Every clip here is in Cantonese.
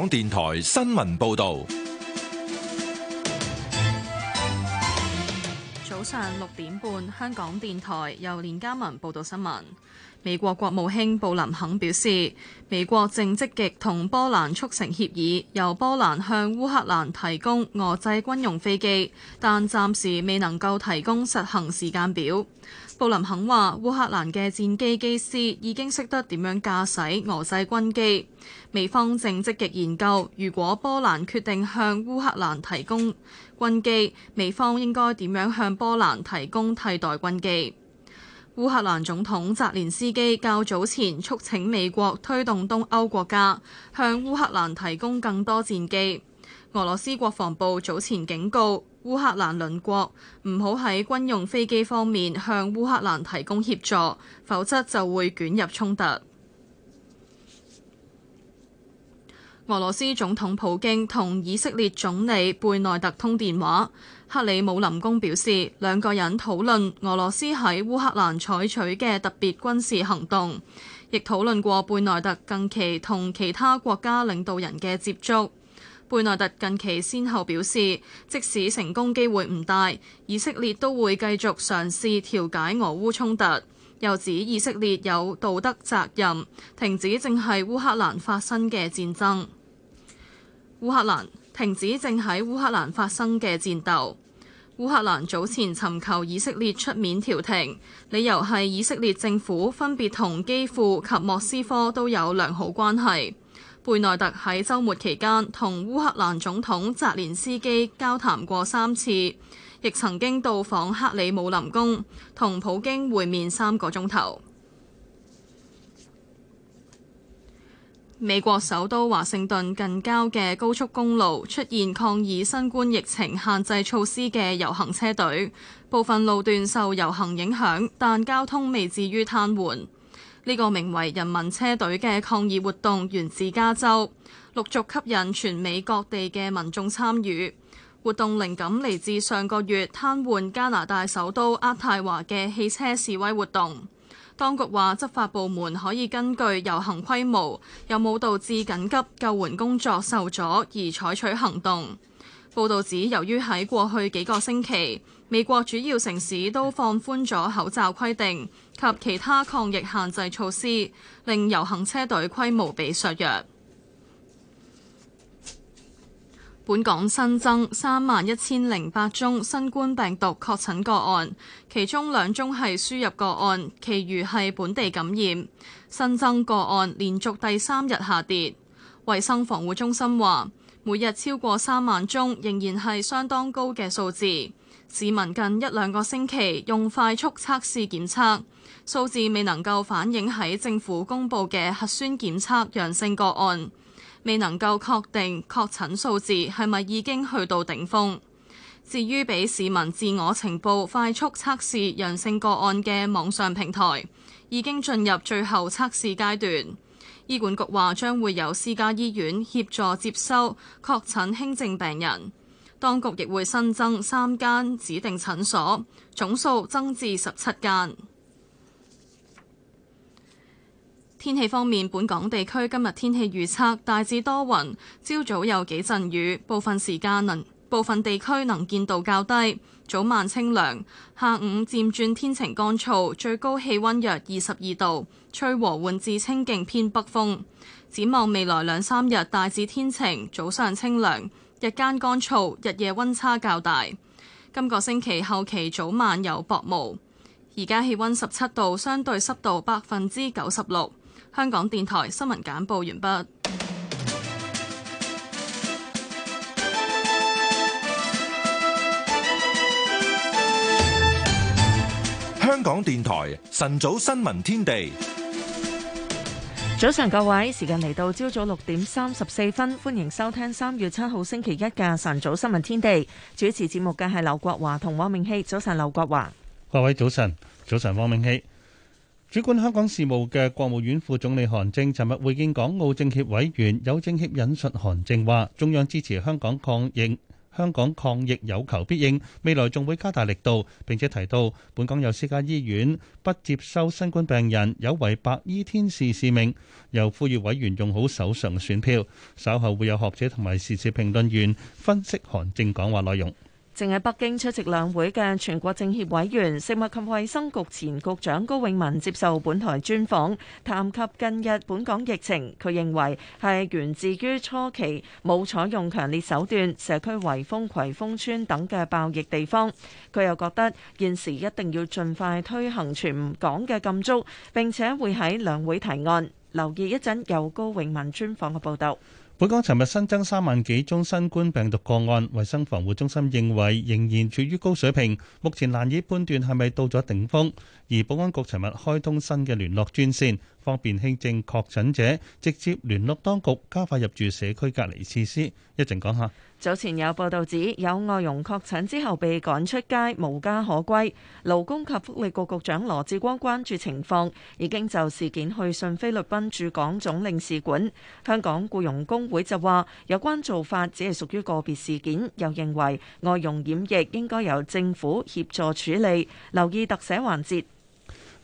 香港電台新聞報道。早上六點半，香港電台由連家文報道新聞。美國國務卿布林肯表示，美國正積極同波蘭促成協議，由波蘭向烏克蘭提供俄製軍用飛機，但暫時未能夠提供實行時間表。布林肯話，烏克蘭嘅戰機機師已經識得點樣駕駛俄製軍機。美方正積極研究，如果波蘭決定向烏克蘭提供軍機，美方應該點樣向波蘭提供替代軍機。烏克蘭總統澤連斯基較早前促請美國推動東歐國家，向烏克蘭提供更多戰機。俄羅斯國防部早前警告烏克蘭鄰國，唔好喺軍用飛機方面向烏克蘭提供協助，否則就會捲入衝突。俄羅斯總統普京同以色列總理貝內特通電話。克里姆林宮表示，兩個人討論俄羅斯喺烏克蘭採取嘅特別軍事行動，亦討論過貝內特近期同其他國家領導人嘅接觸。貝內特近期先後表示，即使成功機會唔大，以色列都會繼續嘗試調解俄烏衝突，又指以色列有道德責任停止正系烏克蘭發生嘅戰爭。烏克蘭。停止正喺烏克蘭發生嘅戰鬥。烏克蘭早前尋求以色列出面調停，理由係以色列政府分別同基輔及莫斯科都有良好關係。貝內特喺周末期間同烏克蘭總統澤連斯基交談過三次，亦曾經到訪克里姆林宮同普京會面三個鐘頭。美國首都華盛頓近郊嘅高速公路出現抗議新冠疫情限制措施嘅遊行車隊，部分路段受遊行影響，但交通未至於癱瘓。呢、這個名為人民車隊嘅抗議活動源自加州，陸續吸引全美各地嘅民眾參與。活動靈感嚟自上個月癱瘓加拿大首都渥太華嘅汽車示威活動。當局話，執法部門可以根據遊行規模，有冇導致緊急救援工作受阻而採取行動。報道指，由於喺過去幾個星期，美國主要城市都放寬咗口罩規定，及其他抗疫限制措施，令遊行車隊規模被削弱。本港新增三萬一千零八宗新冠病毒確診個案，其中兩宗係輸入個案，其餘係本地感染。新增個案連續第三日下跌。衛生防護中心話，每日超過三萬宗仍然係相當高嘅數字。市民近一兩個星期用快速測試檢測，數字未能夠反映喺政府公布嘅核酸檢測陽性個案。未能夠確定確診數字係咪已經去到頂峰。至於俾市民自我呈報快速測試陽性個案嘅網上平台，已經進入最後測試階段。醫管局話將會有私家醫院協助接收確診輕症病人，當局亦會新增三間指定診所，總數增至十七間。天氣方面，本港地區今日天氣預測大致多雲，朝早有幾陣雨，部分時間能部分地區能見度較低，早晚清涼，下午漸轉天晴乾燥，最高氣溫約二十二度，吹和緩至清勁偏北風。展望未來兩三日大致天晴，早上清涼，日間乾燥，日夜溫差較大。今個星期後期早晚有薄霧。而家氣溫十七度，相對濕度百分之九十六。香港電台新聞簡報完畢。香港電台晨早新聞天地。早晨各位，時間嚟到朝早六點三十四分，歡迎收聽三月七號星期一嘅晨早新聞天地。主持節目嘅係劉國華同汪明熙。早晨，劉國華。各位早晨，早晨，汪明熙。主管香港事務嘅國務院副總理韓正尋日會見港澳政協委員，有政協引述韓正話：中央支持香港抗疫，香港抗疫有求必應，未來仲會加大力度，並且提到本港有私家醫院不接收新冠病人，有違白衣天使使命，又呼籲委員用好手上嘅選票。稍後會有學者同埋時事評論員分析韓正講話內容。正喺北京出席兩會嘅全國政協委員、食物及衛生局前局長高永文接受本台專訪，談及近日本港疫情，佢認為係源自於初期冇採用強烈手段、社區圍封、葵風村等嘅爆疫地方。佢又覺得現時一定要盡快推行全港嘅禁足，並且會喺兩會提案。留意一陣由高永文專訪嘅報導。本港尋日新增三萬幾宗新冠病毒個案，衛生防護中心認為仍然處於高水平，目前難以判斷係咪到咗頂峰。而保安局尋日開通新嘅聯絡專線。方便輕症確診者直接聯絡當局，加快入住社區隔離設施。一陣講下。早前有報道指有外傭確診之後被趕出街，無家可歸。勞工及福利局局長羅志光關注情況，已經就事件去信菲律賓駐港總領事館。香港僱傭工會就話，有關做法只係屬於個別事件，又認為外傭染疫應該由政府協助處理。留意特寫環節。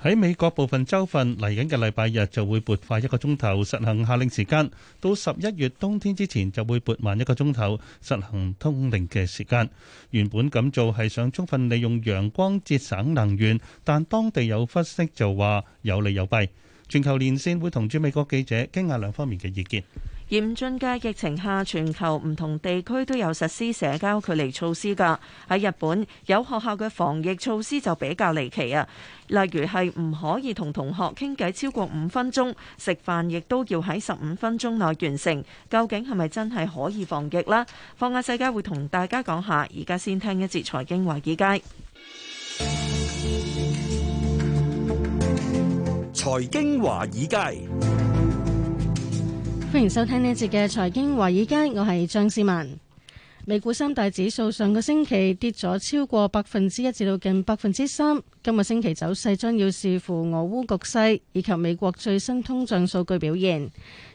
喺美國部分州份嚟緊嘅禮拜日就會撥快一個鐘頭實行夏令時間，到十一月冬天之前就會撥慢一個鐘頭實行冬令嘅時間。原本咁做係想充分利用陽光節省能源，但當地有分析就話有利有弊。全球連線會同駐美國記者傾下兩方面嘅意見。嚴峻嘅疫情下，全球唔同地區都有實施社交距離措施噶。喺日本，有學校嘅防疫措施就比較離奇啊，例如係唔可以同同學傾偈超過五分鐘，食飯亦都要喺十五分鐘內完成。究竟係咪真係可以防疫呢？放眼世界，會同大家講下。而家先聽一節財經華爾街。財經華爾街。歡迎收聽呢一節嘅財經華爾街，我係張思文。美股三大指數上個星期跌咗超過百分之一，至到近百分之三。今個星期走勢將要視乎俄烏局勢以及美國最新通脹數據表現。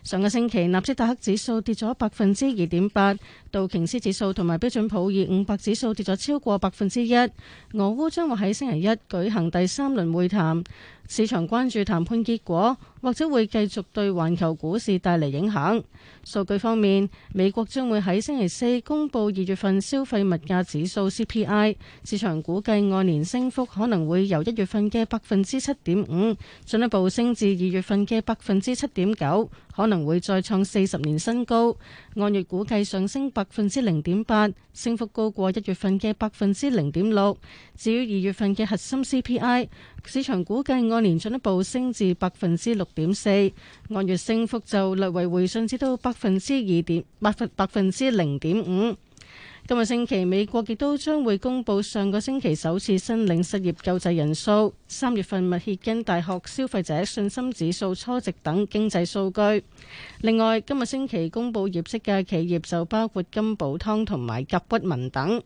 上個星期，納斯達克指數跌咗百分之二點八，道瓊斯指數同埋標準普爾五百指數跌咗超過百分之一。俄烏將會喺星期一舉行第三輪會談。市場關注談判結果，或者會繼續對環球股市帶嚟影響。數據方面，美國將會喺星期四公布二月份消費物價指數 CPI，市場估計按年升幅可能會由一月份嘅百分之七點五，進一步升至二月份嘅百分之七點九，可能會再創四十年新高。按月估計上升百分之零點八，升幅高過一月份嘅百分之零點六。至於二月份嘅核心 CPI，市場估計按年進一步升至百分之六點四，按月升幅就略為回順至到百分之二點百分百分之零點五。今日星期，美國亦都將會公佈上個星期首次申領失業救濟人數、三月份密歇根大學消費者信心指數初值等經濟數據。另外，今日星期公佈業績嘅企業就包括金寶湯同埋甲骨文等。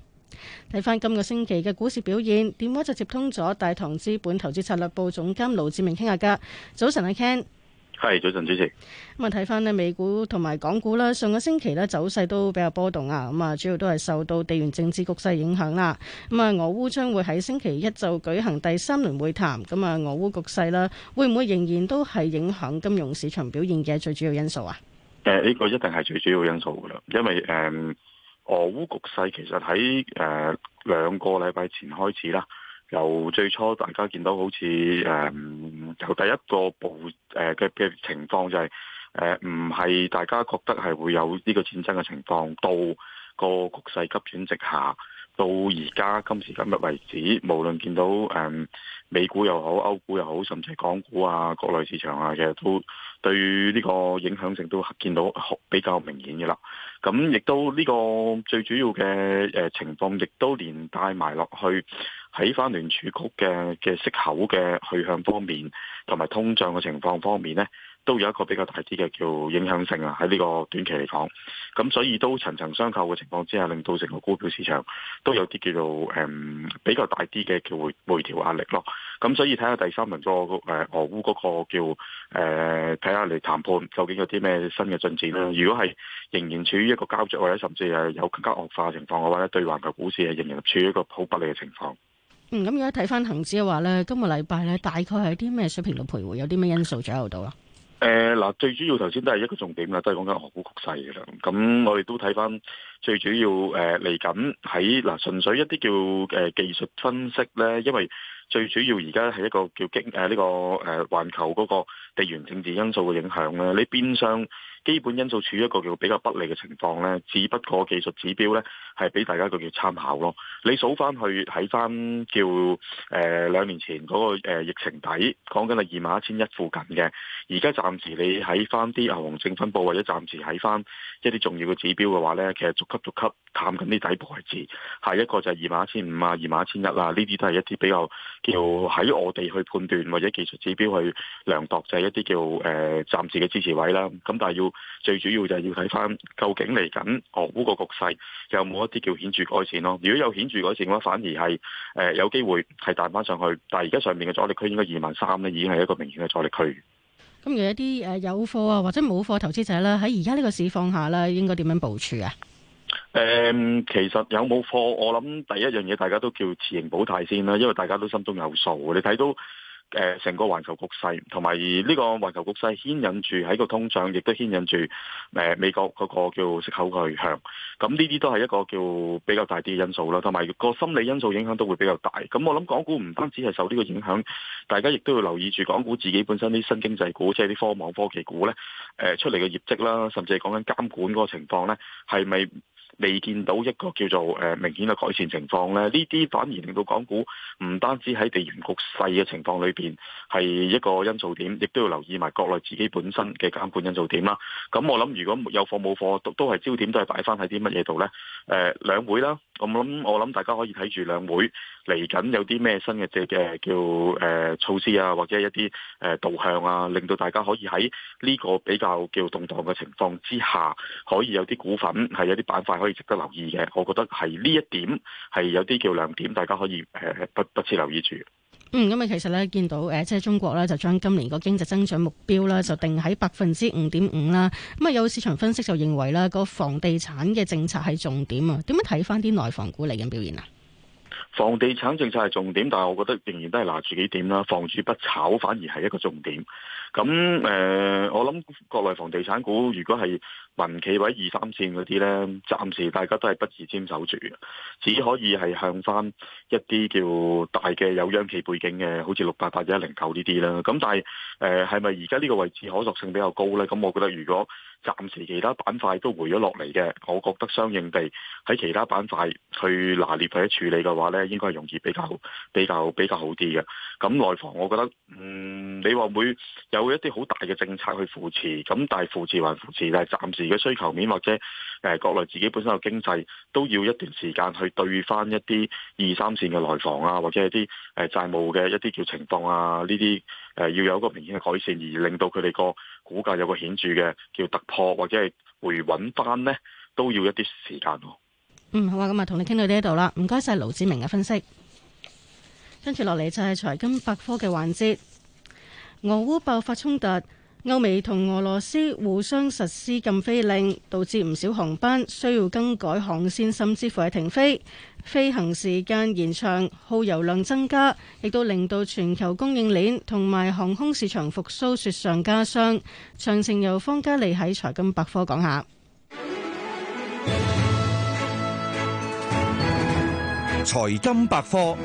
睇翻今個星期嘅股市表現，電話就接通咗大唐資本投資策略部總監盧志明傾下㗎。早晨，阿 Ken。係早晨，主持。咁啊，睇翻咧，美股同埋港股啦，上個星期咧走勢都比較波動啊。咁啊，主要都係受到地緣政治局勢影響啦。咁啊，俄烏將會喺星期一就舉行第三輪會談。咁啊，俄烏局勢啦，會唔會仍然都係影響金融市場表現嘅最主要因素啊？誒，呢個一定係最主要因素噶啦，因為誒，俄烏局勢其實喺誒兩個禮拜前開始啦。由最初大家見到好似誒、嗯，由第一個報誒嘅嘅情況就係、是、誒，唔、呃、係大家覺得係會有呢個戰爭嘅情況到個局勢急轉直下，到而家今時今日為止，無論見到誒、嗯、美股又好、歐股又好，甚至港股啊、國內市場啊，其實都對呢個影響性都見到比較明顯嘅啦。咁亦都呢個最主要嘅誒、呃、情況亦都連帶埋落去。喺翻聯儲局嘅嘅息口嘅去向方面，同埋通脹嘅情況方面呢，都有一個比較大啲嘅叫影響性啊，喺呢個短期嚟講。咁所以都層層相扣嘅情況之下，令到成個股票市場都有啲叫做誒、嗯、比較大啲嘅叫回調壓力咯。咁所以睇下第三輪個誒俄烏嗰個叫誒睇下嚟談判究竟有啲咩新嘅進展啦。如果係仍然處於一個膠着或者甚至係有更加惡化嘅情況嘅話咧，對環球股市係仍然處於一個好不利嘅情況。嗯，咁而家睇翻恒指嘅話咧，今個禮拜咧大概係啲咩水平度徘徊，有啲咩因素左右到啊？誒，嗱，最主要頭先都係一個重點啦，都係講緊港股局勢嘅啦。咁我哋都睇翻最主要誒嚟緊喺嗱，純、呃呃、粹一啲叫誒、呃、技術分析咧，因為最主要而家係一個叫經誒呢個誒環、呃、球嗰個地緣政治因素嘅影響咧，你邊雙。基本因素處於一個叫比較不利嘅情況呢，只不過技術指標呢係俾大家一個叫參考咯。你數翻去睇翻叫誒、呃、兩年前嗰、那個、呃、疫情底，講緊係二萬一千一附近嘅。而家暫時你喺翻啲牛熊證分佈，或者暫時喺翻一啲重要嘅指標嘅話呢，其實逐級逐級探緊啲底部位置。下一個就係二萬一千五啊、二萬一千一啊，呢啲都係一啲比較叫喺我哋去判斷或者技術指標去量度，就係、是、一啲叫誒、呃、暫時嘅支持位啦。咁、啊、但係要。最主要就係要睇翻究竟嚟緊港股個局勢有冇一啲叫顯著改善咯？如果有顯著改善嘅話，反而係誒、呃、有機會係彈翻上去。但係而家上面嘅阻力區應該二萬三咧，已經係一個明顯嘅阻力區。咁、嗯、有一啲誒有貨啊或者冇貨投資者咧，喺而家呢個市況下咧，應該點樣部署啊？誒、嗯，其實有冇貨，我諗第一樣嘢大家都叫持盈保泰先啦，因為大家都心中有數，你睇到。誒，成、呃、個環球局勢同埋呢個環球局勢牽引住喺個通脹，亦都牽引住誒、呃、美國嗰個叫息口去向。咁呢啲都係一個叫比較大啲嘅因素啦，同埋個心理因素影響都會比較大。咁我諗港股唔單止係受呢個影響，大家亦都要留意住港股自己本身啲新經濟股，即係啲科網科技股咧，誒、呃、出嚟嘅業績啦，甚至係講緊監管嗰個情況咧，係咪？未見到一個叫做誒明顯嘅改善情況咧，呢啲反而令到港股唔單止喺地緣局勢嘅情況裏邊係一個因素點，亦都要留意埋國內自己本身嘅監管因素點啦。咁、嗯、我諗如果有貨冇貨，都都係焦點都係擺翻喺啲乜嘢度咧？誒、呃、兩會啦、嗯，我諗我諗大家可以睇住兩會嚟緊有啲咩新嘅即係叫誒、呃、措施啊，或者一啲誒導向啊，令到大家可以喺呢個比較叫動盪嘅情況之下，可以有啲股份係有啲板塊。可以值得留意嘅，我覺得係呢一點係有啲叫亮點，大家可以誒、呃、不不遲留意住。嗯，咁啊，其實咧見到誒，即、呃、係、就是、中國咧就將今年個經濟增長目標咧就定喺百分之五點五啦。咁、嗯、啊，有市場分析就認為咧，個房地產嘅政策係重點啊。點樣睇返啲內房股嚟嘅表現啊？房地產政策係重點，但係我覺得仍然都係拿住幾點啦。房住不炒反而係一個重點。咁誒、呃，我諗國內房地產股如果係。民企或者二三線嗰啲咧，暫時大家都係不宜沾手住，只可以係向翻一啲叫大嘅有央企背景嘅，好似六八八一零九呢啲啦。咁但係誒係咪而家呢個位置可塑性比較高咧？咁我覺得如果暫時其他板塊都回咗落嚟嘅，我覺得相應地喺其他板塊去拿捏或者處理嘅話咧，應該係容易比較比較比較好啲嘅。咁內房我覺得嗯，你話會有一啲好大嘅政策去扶持，咁但係扶持還扶持，但係暫時。而嘅需求面或者誒、呃、國內自己本身嘅經濟，都要一段時間去對翻一啲二三線嘅內房啊，或者一啲誒、呃、債務嘅一啲叫情況啊，呢啲誒要有個明顯嘅改善，而令到佢哋個股價有個顯著嘅叫突破或者係回穩翻呢，都要一啲時間咯、啊。嗯，好啊，咁啊，同你傾到呢度啦，唔該晒，盧志明嘅分析。跟住落嚟就係財經百科嘅環節，俄烏爆發衝突。歐美同俄羅斯互相實施禁飛令，導致唔少航班需要更改航線，甚至乎係停飛。飛行時間延長，耗油量增加，亦都令到全球供應鏈同埋航空市場復甦雪上加霜。詳情由方嘉利喺財金百科講下，財金百科。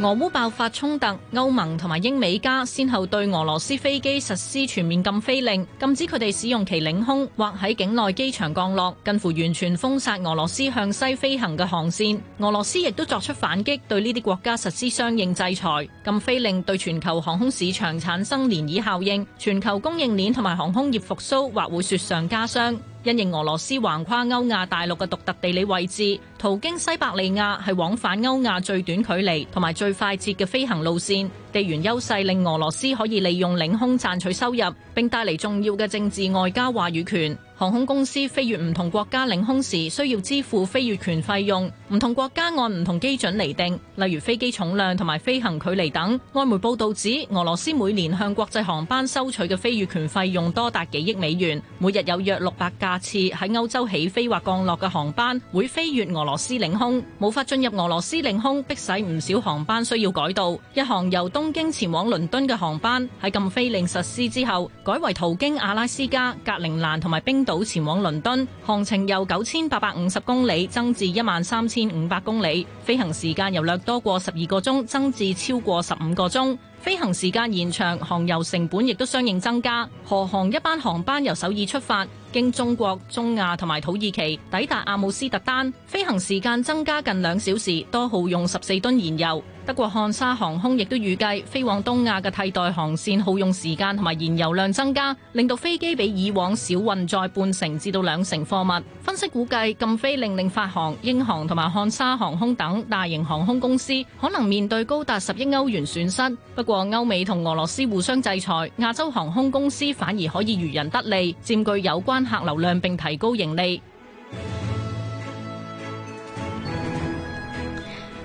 俄烏爆發衝突，歐盟同埋英美加先後對俄羅斯飛機實施全面禁飛令，禁止佢哋使用其領空或喺境內機場降落，近乎完全封殺俄羅斯向西飛行嘅航線。俄羅斯亦都作出反擊，對呢啲國家實施相應制裁。禁飛令對全球航空市場產生漣漪效應，全球供應鏈同埋航空業復甦或會雪上加霜。因應俄羅斯橫跨歐亞大陸嘅獨特地理位置，途經西伯利亞係往返歐亞最短距離同埋最快捷嘅飛行路線，地緣優勢令俄羅斯可以利用領空賺取收入，並帶嚟重要嘅政治外交話語權。航空公司飛越唔同國家領空時，需要支付飛越權費用，唔同國家按唔同基準釐定，例如飛機重量同埋飛行距離等。外媒報導指，俄羅斯每年向國際航班收取嘅飛越權費用多達幾億美元，每日有約六百架次喺歐洲起飛或降落嘅航班會飛越俄俄羅斯領空，無法進入俄羅斯領空，迫使唔少航班需要改道。一航由東京前往倫敦嘅航班喺禁飛令實施之後，改為途經阿拉斯加、格陵蘭同埋冰島前往倫敦，航程由九千八百五十公里增至一萬三千五百公里，飛行時間由略多過十二個鐘增至超過十五個鐘。飛行時間延長，航油成本亦都相應增加。荷航一班航班由首爾出發，經中國、中亞同埋土耳其抵達阿姆斯特丹，飛行時間增加近兩小時，多耗用十四噸燃油。不過，漢莎航空亦都預計，飛往東亞嘅替代航線耗用時間同埋燃油量增加，令到飛機比以往少運載半成至到兩成貨物。分析估計禁飛令令法航、英航同埋漢莎航空等大型航空公司可能面對高達十億歐元損失。不過，歐美同俄羅斯互相制裁，亞洲航空公司反而可以漁人得利，佔據有關客流量並提高盈利。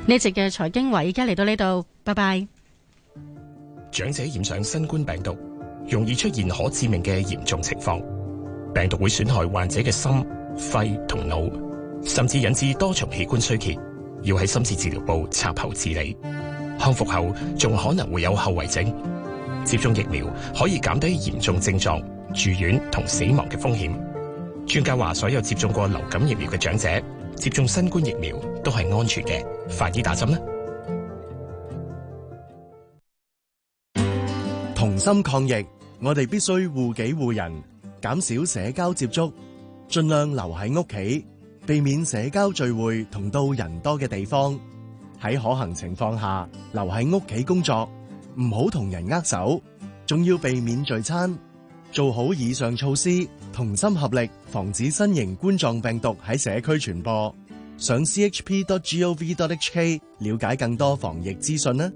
呢集嘅財經話，而家嚟到呢度，拜拜。長者染上新冠病毒，容易出現可致命嘅嚴重情況。病毒會損害患者嘅心、肺同腦，甚至引致多重器官衰竭，要喺深切治療部插喉治理。康復後仲可能會有後遺症。接種疫苗可以減低嚴重症狀、住院同死亡嘅風險。專家話，所有接種過流感疫苗嘅長者。接種新冠疫苗都係安全嘅，快啲打針啦！同心抗疫，我哋必須護己護人，減少社交接觸，盡量留喺屋企，避免社交聚會同到人多嘅地方。喺可行情況下，留喺屋企工作，唔好同人握手，仲要避免聚餐，做好以上措施。同心合力，防止新型冠狀病毒喺社區傳播。上 c h p dot g o v dot h k 了解更多防疫資訊啦。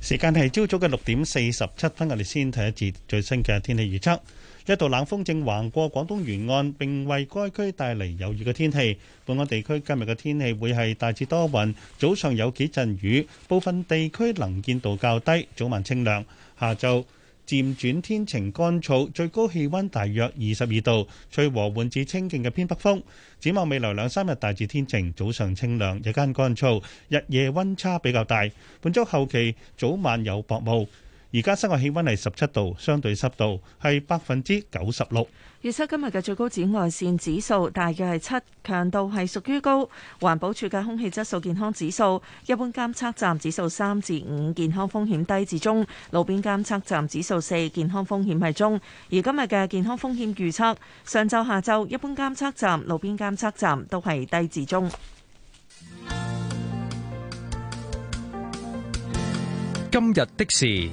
時間係朝早嘅六點四十七分，我哋先睇一節最新嘅天氣預測。一道冷鋒正橫過廣東沿岸，並為該區帶嚟有雨嘅天氣。本港地區今日嘅天氣會係大致多雲，早上有幾陣雨，部分地區能見度較低，早晚清涼。下晝，漸轉天晴乾燥，最高氣溫大約二十二度，吹和緩至清勁嘅偏北風。展望未來兩三日大致天晴，早上清涼，日間乾燥，日夜溫差比較大。本周後期早晚有薄霧。而家室外氣溫係十七度，相對濕度係百分之九十六。預測今日嘅最高紫外線指數大約係七，強度係屬於高。環保署嘅空氣質素健康指數，一般監測站指數三至五，健康風險低至中；路邊監測站指數四，健康風險係中。而今日嘅健康風險預測，上晝下晝一般監測站、路邊監測站都係低至中。今日的事。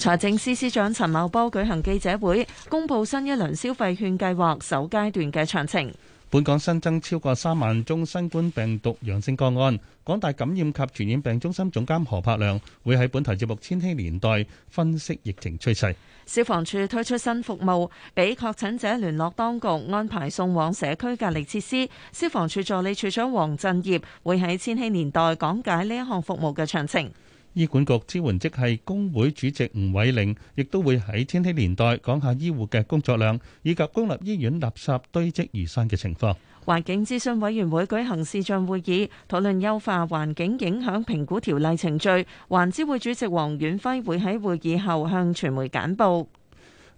財政司司長陳茂波舉行記者會，公布新一輪消費券計劃首階段嘅詳情。本港新增超過三萬宗新冠病毒陽性個案，港大感染及傳染病中心總監何柏良會喺本台節目《千禧年代》分析疫情趨勢。消防處推出新服務，俾確診者聯絡當局安排送往社區隔離設施。消防處助理處長王振業會喺《千禧年代》講解呢一項服務嘅詳情。醫管局支援職係工會主席吳偉玲，亦都會喺千禧年代講下醫護嘅工作量以及公立醫院垃圾堆積如山嘅情況。環境諮詢委員會舉行視像會議，討論優化環境影響評估條例程序。環諮會主席黃遠輝會喺會議後向傳媒簡報。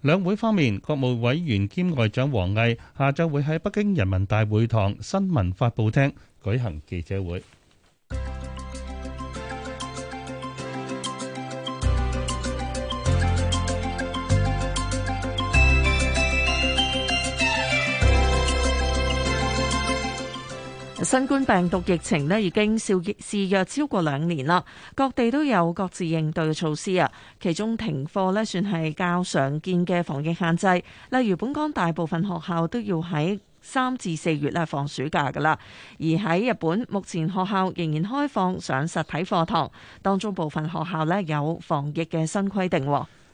兩會方面，國務委員兼外長王毅下晝會喺北京人民大會堂新聞發布廳舉行記者會。新冠病毒疫情咧已經肆虐約超過兩年啦，各地都有各自應對嘅措施啊。其中停課咧算係較常見嘅防疫限制，例如本港大部分學校都要喺三至四月咧放暑假㗎喇。而喺日本，目前學校仍然開放上實體課堂，當中部分學校咧有防疫嘅新規定。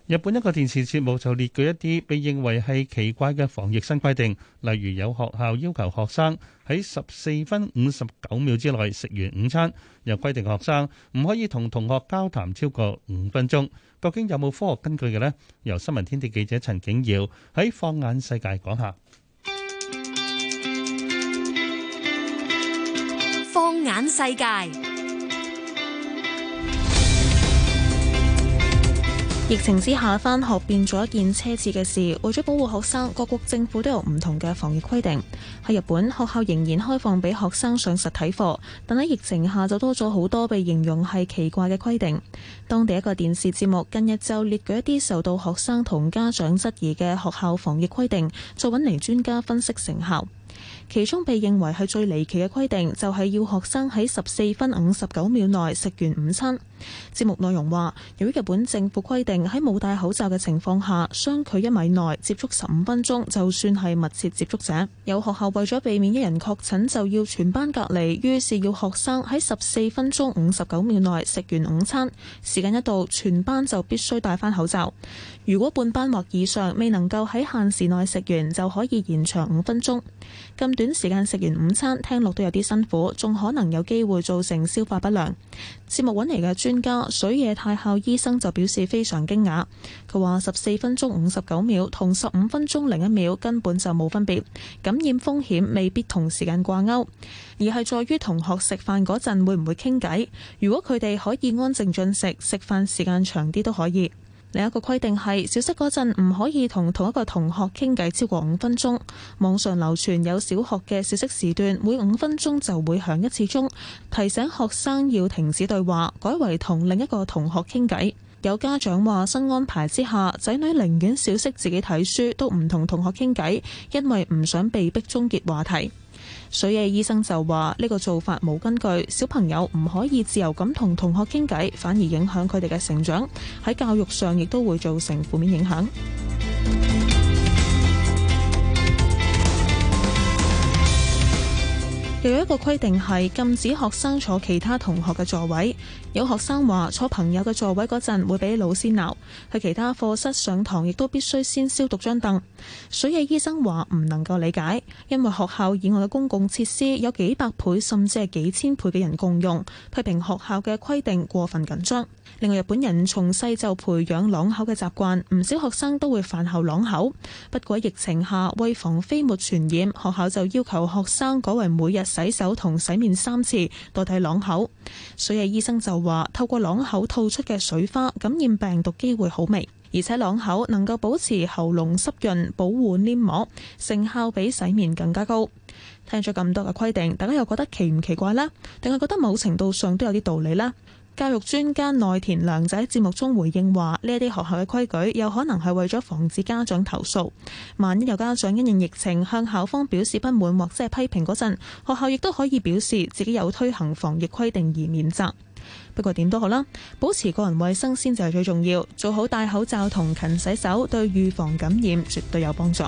日本一個電視節目就列舉一啲被認為係奇怪嘅防疫新規定，例如有學校要求學生喺十四分五十九秒之內食完午餐，又規定學生唔可以同同學交談超過五分鐘。究竟有冇科學根據嘅呢？由新聞天地記者陳景耀喺《放眼世界》講下。放眼世界。疫情之下，返學變咗一件奢侈嘅事。為咗保護學生，各國政府都有唔同嘅防疫規定。喺日本，學校仍然開放俾學生上實體課，但喺疫情下就多咗好多被形容係奇怪嘅規定。當地一個電視節目近日就列舉一啲受到學生同家長質疑嘅學校防疫規定，再搵嚟專家分析成效。其中被認為係最離奇嘅規定，就係要學生喺十四分五十九秒內食完午餐。節目內容話，由於日本政府規定喺冇戴口罩嘅情況下，相距一米內接觸十五分鐘就算係密切接觸者。有學校為咗避免一人確診就要全班隔離，於是要學生喺十四分鐘五十九秒內食完午餐，時間一到全班就必須戴翻口罩。如果半班或以上未能夠喺限時內食完，就可以延長五分鐘。咁短時間食完午餐，聽落都有啲辛苦，仲可能有機會造成消化不良。節目搵嚟嘅專專家水野太孝醫生就表示非常驚訝，佢話十四分鐘五十九秒同十五分鐘零一秒根本就冇分別，感染風險未必同時間掛鈎，而係在於同學食飯嗰陣會唔會傾偈。如果佢哋可以安靜進食，食飯時間長啲都可以。另一個規定係小息嗰陣唔可以同同一個同學傾偈超過五分鐘。網上流傳有小學嘅小息時段，每五分鐘就會響一次鐘，提醒學生要停止對話，改為同另一個同學傾偈。有家長話，新安排之下，仔女寧願小息自己睇書，都唔同同學傾偈，因為唔想被迫終結話題。水野醫生就話：呢個做法冇根據，小朋友唔可以自由咁同同學傾偈，反而影響佢哋嘅成長，喺教育上亦都會造成負面影響。又有一個規定係禁止學生坐其他同學嘅座位，有學生話坐朋友嘅座位嗰陣會俾老師鬧，去其他課室上堂亦都必須先消毒張凳。水野醫生話唔能夠理解，因為學校以外嘅公共設施有幾百倍甚至係幾千倍嘅人共用，批評學校嘅規定過分緊張。另外，日本人從細就培養朗口嘅習慣，唔少學生都會飯後朗口。不過，喺疫情下為防飛沫傳染，學校就要求學生改為每日洗手同洗面三次，代替朗口。水係醫生就話，透過朗口吐出嘅水花感染病毒機會好微，而且朗口能夠保持喉嚨濕潤，保護黏膜，成效比洗面更加高。聽咗咁多嘅規定，大家又覺得奇唔奇怪呢？定係覺得某程度上都有啲道理呢？教育專家內田良仔喺節目中回應話：呢一啲學校嘅規矩有可能係為咗防止家長投訴，萬一有家長因應疫情向校方表示不滿或者係批評嗰陣，學校亦都可以表示自己有推行防疫規定而免責。不過點都好啦，保持個人衛生先就係最重要，做好戴口罩同勤洗手，對預防感染絕對有幫助。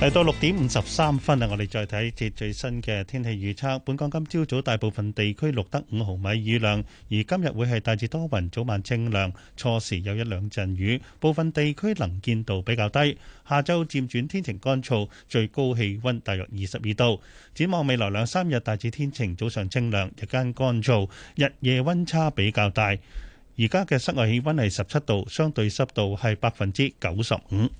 嚟到六點五十三分啊！我哋再睇一節最新嘅天氣預測。本港今朝早,早大部分地區錄得五毫米雨量，而今日會係大致多雲，早晚清涼，初時有一兩陣雨，部分地區能見度比較低。下晝漸轉天晴乾燥，最高氣温大約二十二度。展望未來兩三日大致天晴，早上清涼，日間乾燥，日夜温差比較大。而家嘅室外氣温係十七度，相對濕度係百分之九十五。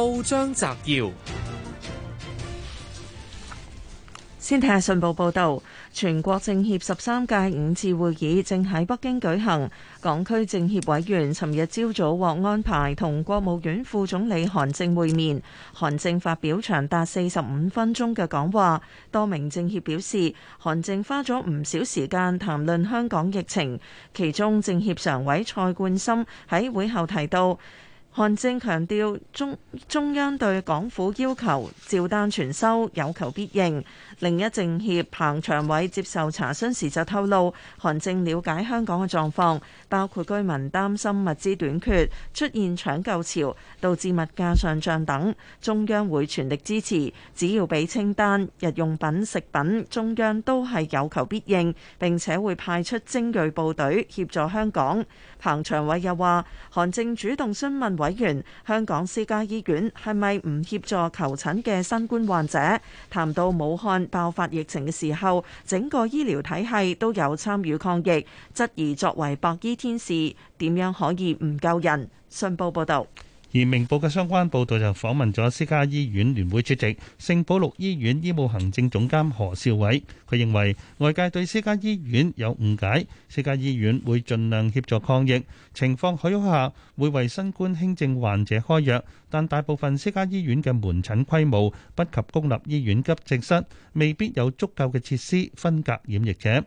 報章摘要：先睇下信報報道，全國政協十三屆五次會議正喺北京舉行。港區政協委員尋日朝早獲安排同國務院副總理韓正會面，韓正發表長達四十五分鐘嘅講話。多名政協表示，韓正花咗唔少時間談論香港疫情。其中，政協常委蔡冠深喺會後提到。韓正強調，中中央對港府要求照單全收，有求必應。另一政協彭長偉接受查詢時就透露，韓正了解香港嘅狀況，包括居民擔心物資短缺、出現搶購潮、導致物價上漲等。中央會全力支持，只要俾清單，日用品、食品，中央都係有求必應，並且會派出精銳部隊協助香港。彭長偉又話，韓正主動詢問委員，香港私家醫院係咪唔協助求診嘅新冠患者。談到武漢，爆發疫情嘅時候，整個醫療體系都有參與抗疫，質疑作為白衣天使，點樣可以唔救人？信報報道。而明報嘅相關報導就訪問咗私家醫院聯會主席聖保祿醫院醫務行政總監何少偉，佢認為外界對私家醫院有誤解，私家醫院會盡量協助抗疫，情況許可下會為新冠輕症患者開藥，但大部分私家醫院嘅門診規模不及公立醫院急症室，未必有足夠嘅設施分隔染疫者。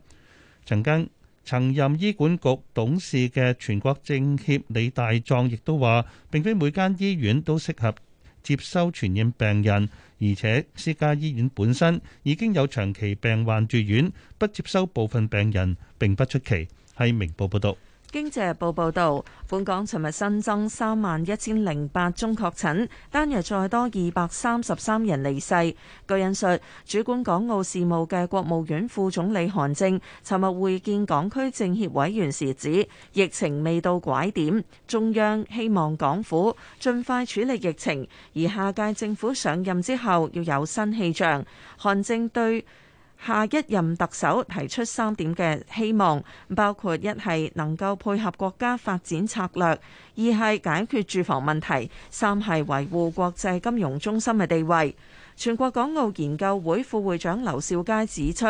曾經。曾任醫管局董事嘅全國政協李大壯亦都話，並非每間醫院都適合接收傳染病人，而且私家醫院本身已經有長期病患住院，不接收部分病人並不出奇。係明報報道。《經濟日報》報導，本港尋日新增三萬一千零八宗確診，單日再多二百三十三人離世。據引述，主管港澳事務嘅國務院副總理韓正尋日會見港區政協委員時指，疫情未到拐點，中央希望港府盡快處理疫情，而下屆政府上任之後要有新氣象。韓正對下一任特首提出三點嘅希望，包括一係能夠配合國家發展策略，二係解決住房問題，三係維護國際金融中心嘅地位。全國港澳研究會副會長劉兆佳指出。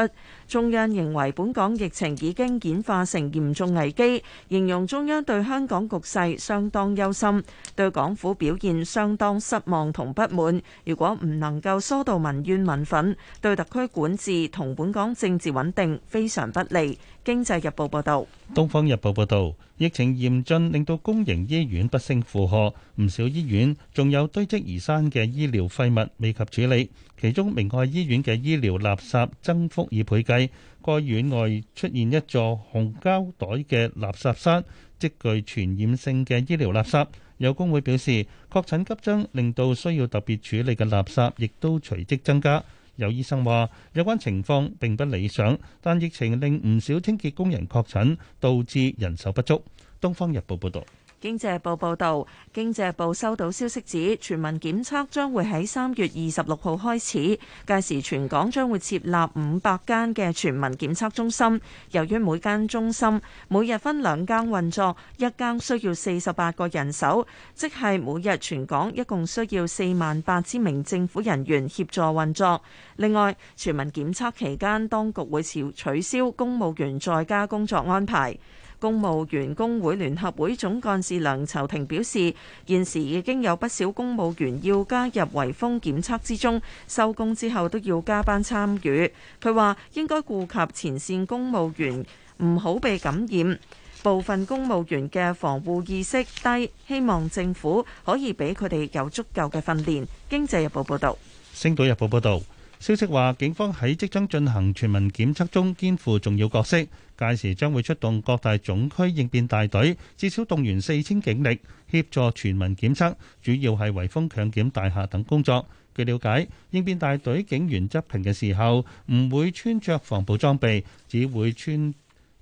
中央認為本港疫情已經演化成嚴重危機，形容中央對香港局勢相當憂心，對港府表現相當失望同不滿。如果唔能夠疏導民怨民憤，對特區管治同本港政治穩定非常不利。經濟日報報道。東方日報報道，疫情嚴峻令到公營醫院不勝負荷，唔少醫院仲有堆積如山嘅醫療廢物未及處理，其中明愛醫院嘅醫療垃圾增幅以倍計。該院外出現一座紅膠袋嘅垃圾山，即具傳染性嘅醫療垃圾。有工會表示，確診急增，令到需要特別處理嘅垃圾亦都隨即增加。有醫生話，有關情況並不理想，但疫情令唔少清潔工人確診，導致人手不足。東方日報報道。經濟報報道，經濟報收到消息指，全民檢測將會喺三月二十六號開始，屆時全港將會設立五百間嘅全民檢測中心。由於每間中心每日分兩間運作，一間需要四十八個人手，即係每日全港一共需要四萬八千名政府人員協助運作。另外，全民檢測期間，當局會取消公務員在家工作安排。公務員工會聯合會總幹事梁籌庭表示，現時已經有不少公務員要加入圍封檢測之中，收工之後都要加班參與。佢話應該顧及前線公務員唔好被感染，部分公務員嘅防護意識低，希望政府可以俾佢哋有足夠嘅訓練。經濟日報報導，星島日報報導。消息話，警方喺即將進行全民檢測中，肩負重要角色。屆時將會出動各大總區應變大隊，至少動員四千警力協助全民檢測，主要係圍封強檢大廈等工作。據了解，應變大隊警員執行嘅時候，唔會穿著防暴裝備，只會穿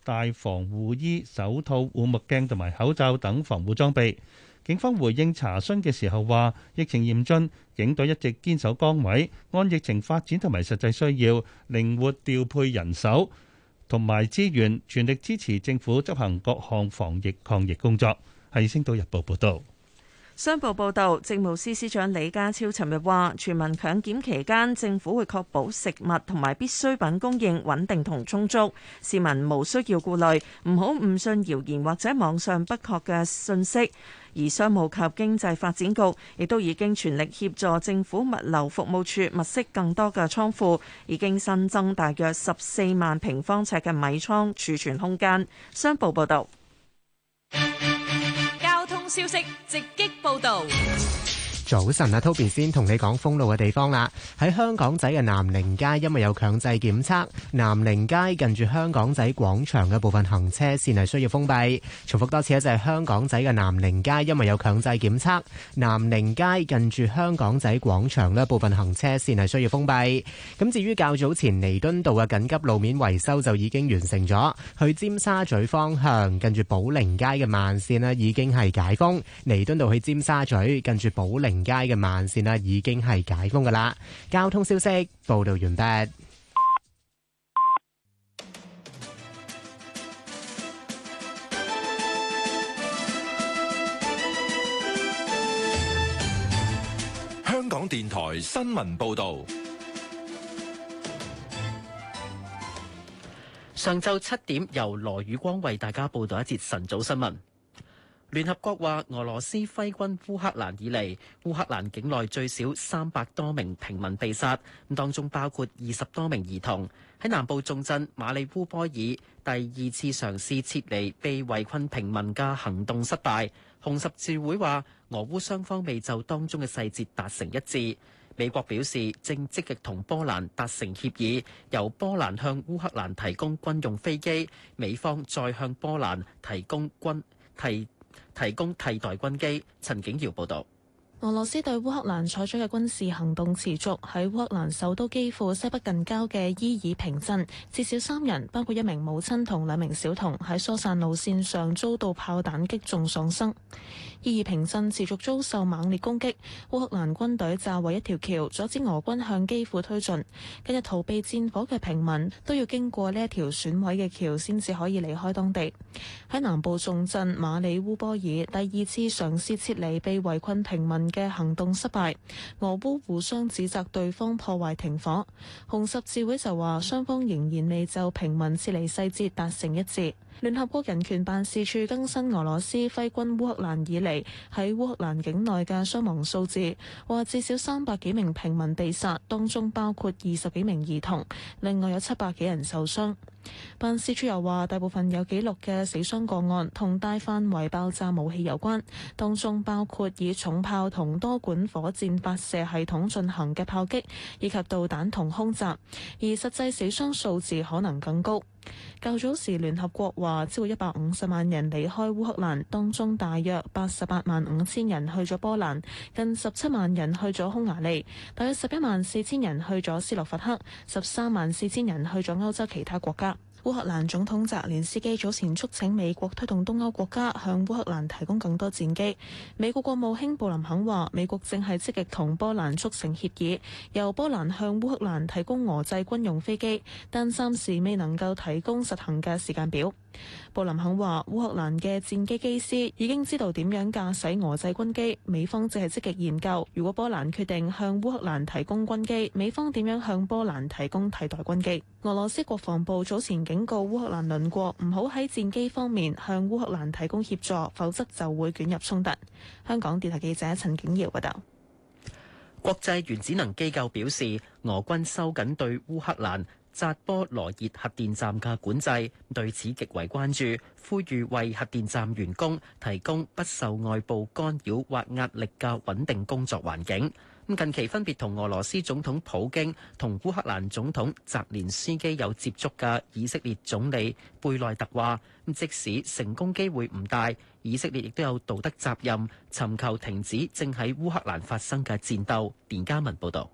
戴防護衣、手套、護目鏡同埋口罩等防護裝備。警方回應查詢嘅時候話：疫情嚴峻，警隊一直堅守崗位，按疫情發展同埋實際需要靈活調配人手同埋資源，全力支持政府執行各項防疫抗疫工作。係《星島日報》報道。商報報道，政務司司長李家超尋日話：全民強檢期間，政府會確保食物同埋必需品供應穩定同充足，市民無需要顧慮，唔好誤信謠言或者網上不確嘅信息。而商務及經濟發展局亦都已經全力協助政府物流服務處物色更多嘅倉庫，已經新增大約十四萬平方尺嘅米倉儲存空間。商報報道。交通消息直擊報道。早晨啊，Toby 先同你講封路嘅地方啦。喺香港仔嘅南寧街，因為有強制檢測，南寧街近住香港仔廣場嘅部分行車線係需要封閉。重複多次，一就係香港仔嘅南寧街，因為有強制檢測，南寧街近住香港仔廣場咧部分行車線係需要封閉。咁至於較早前彌敦道嘅緊急路面維修就已經完成咗，去尖沙咀方向近住寶寧街嘅慢線咧已經係解封。彌敦道去尖沙咀近住寶寧。街嘅慢線啦，已經係解封噶啦。交通消息報道完畢。香港電台新聞報道。上晝七點，由羅宇光為大家報道一節晨早新聞。聯合國話，俄羅斯揮軍烏克蘭以嚟，烏克蘭境內最少三百多名平民被殺，咁當中包括二十多名兒童。喺南部重鎮馬利烏波爾，第二次嘗試撤離被圍困平民嘅行動失敗。紅十字會話，俄烏雙方未就當中嘅細節達成一致。美國表示正積極同波蘭達成協議，由波蘭向烏克蘭提供軍用飛機，美方再向波蘭提供軍提。提供替代軍機，陳景堯報道。俄羅斯對烏克蘭採取嘅軍事行動持續，喺烏克蘭首都基輔西北近郊嘅伊爾平鎮，至少三人，包括一名母親同兩名小童，喺疏散路綫上遭到炮彈擊中喪生。伊爾平鎮持續遭受猛烈攻擊，烏克蘭軍隊炸毀一條橋，阻止俄軍向基輔推進。近日逃避戰火嘅平民都要經過呢一條損毀嘅橋，先至可以離開當地。喺南部重鎮馬里烏波爾，第二次嘗試撤離被圍困平民嘅行動失敗，俄烏互相指責對方破壞停火。紅十字會就話，雙方仍然未就平民撤離細節達成一致。聯合國人權辦事處更新俄羅斯揮軍烏克蘭以嚟喺烏克蘭境內嘅傷亡數字，話至少三百幾名平民被殺，當中包括二十幾名兒童，另外有七百幾人受傷。辦事處又話，大部分有記錄嘅死傷個案同大範圍爆炸武器有關，當中包括以重炮同多管火箭發射系統進行嘅炮擊，以及導彈同空襲，而實際死傷數字可能更高。較早時，聯合國話超過一百五十萬人離開烏克蘭，當中大約八十八萬五千人去咗波蘭，近十七萬人去咗匈牙利，大約十一萬四千人去咗斯洛伐克，十三萬四千人去咗歐洲其他國家。烏克蘭總統澤連斯基早前促請美國推動東歐國家向烏克蘭提供更多戰機。美國國務卿布林肯話，美國正係積極同波蘭促成協議，由波蘭向烏克蘭提供俄製軍用飛機，但暫時未能夠提供實行嘅時間表。布林肯話：烏克蘭嘅戰機機師已經知道點樣駕駛俄製軍機，美方淨係積極研究。如果波蘭決定向烏克蘭提供軍機，美方點樣向波蘭提供替代軍機？俄羅斯國防部早前警告烏克蘭鄰國唔好喺戰機方面向烏克蘭提供協助，否則就會捲入衝突。香港電台記者陳景瑤報道，國際原子能機構表示，俄軍收緊對烏克蘭。扎波羅熱核電站嘅管制，對此極為關注，呼籲為核電站員工提供不受外部干擾或壓力嘅穩定工作環境。咁近期分別同俄羅斯總統普京同烏克蘭總統澤連斯基有接觸嘅以色列總理貝內特話，咁即使成功機會唔大，以色列亦都有道德責任尋求停止正喺烏克蘭發生嘅戰鬥。連嘉文報導。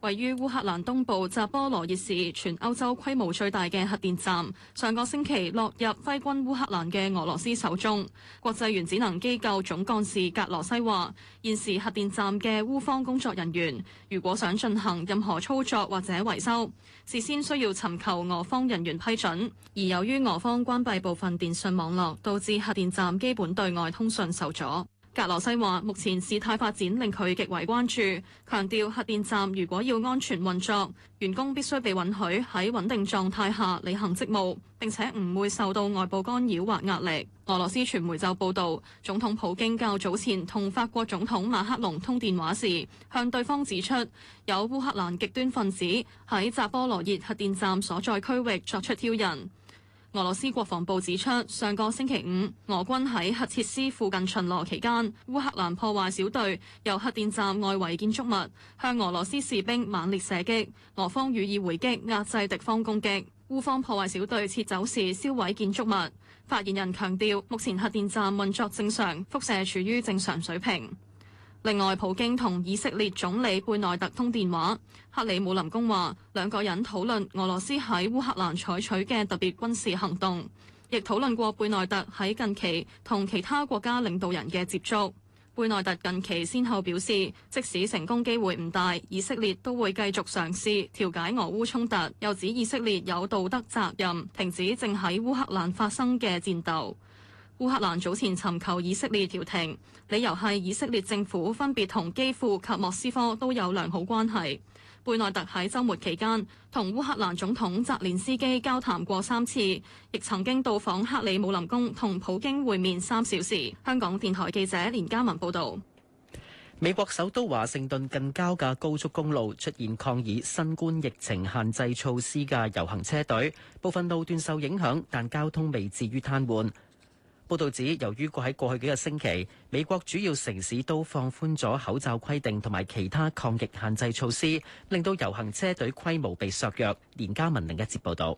位於烏克蘭東部扎波羅熱市、全歐洲規模最大嘅核電站，上個星期落入揮軍烏克蘭嘅俄羅斯手中。國際原子能機構總幹事格羅西話：現時核電站嘅烏方工作人員，如果想進行任何操作或者維修，事先需要尋求俄方人員批准。而由於俄方關閉部分電信網絡，導致核電站基本對外通訊受阻。格羅西話：目前事態發展令佢極為關注，強調核電站如果要安全運作，員工必須被允許喺穩定狀態下履行職務，並且唔會受到外部干擾或壓力。俄羅斯傳媒就報導，總統普京較早前同法國總統馬克龍通電話時，向對方指出有烏克蘭極端分子喺扎波羅熱核電站所在區域作出挑釁。俄羅斯國防部指出，上個星期五，俄軍喺核設施附近巡邏期間，烏克蘭破壞小隊由核電站外圍建築物向俄羅斯士兵猛烈射擊，俄方予以回擊壓制敵方攻擊。烏方破壞小隊撤走時燒毀建築物。發言人強調，目前核電站運作正常，輻射處於正常水平。另外，普京同以色列總理貝內特通電話，克里姆林宮話兩個人討論俄羅斯喺烏克蘭採取嘅特別軍事行動，亦討論過貝內特喺近期同其他國家領導人嘅接觸。貝內特近期先後表示，即使成功機會唔大，以色列都會繼續嘗試調解俄烏衝突，又指以色列有道德責任停止正喺烏克蘭發生嘅戰鬥。烏克蘭早前尋求以色列調停，理由係以色列政府分別同基輔及莫斯科都有良好關係。貝內特喺週末期間同烏克蘭總統澤連斯基交談過三次，亦曾經到訪克里姆林宮同普京會面三小時。香港電台記者連嘉文報導，美國首都華盛頓近郊嘅高速公路出現抗議新冠疫情限制措施嘅遊行車隊，部分路段受影響，但交通未至於癱瘓。報道指，由於過喺過去幾個星期，美國主要城市都放寬咗口罩規定同埋其他抗疫限制措施，令到遊行車隊規模被削弱。連家文另一節報導，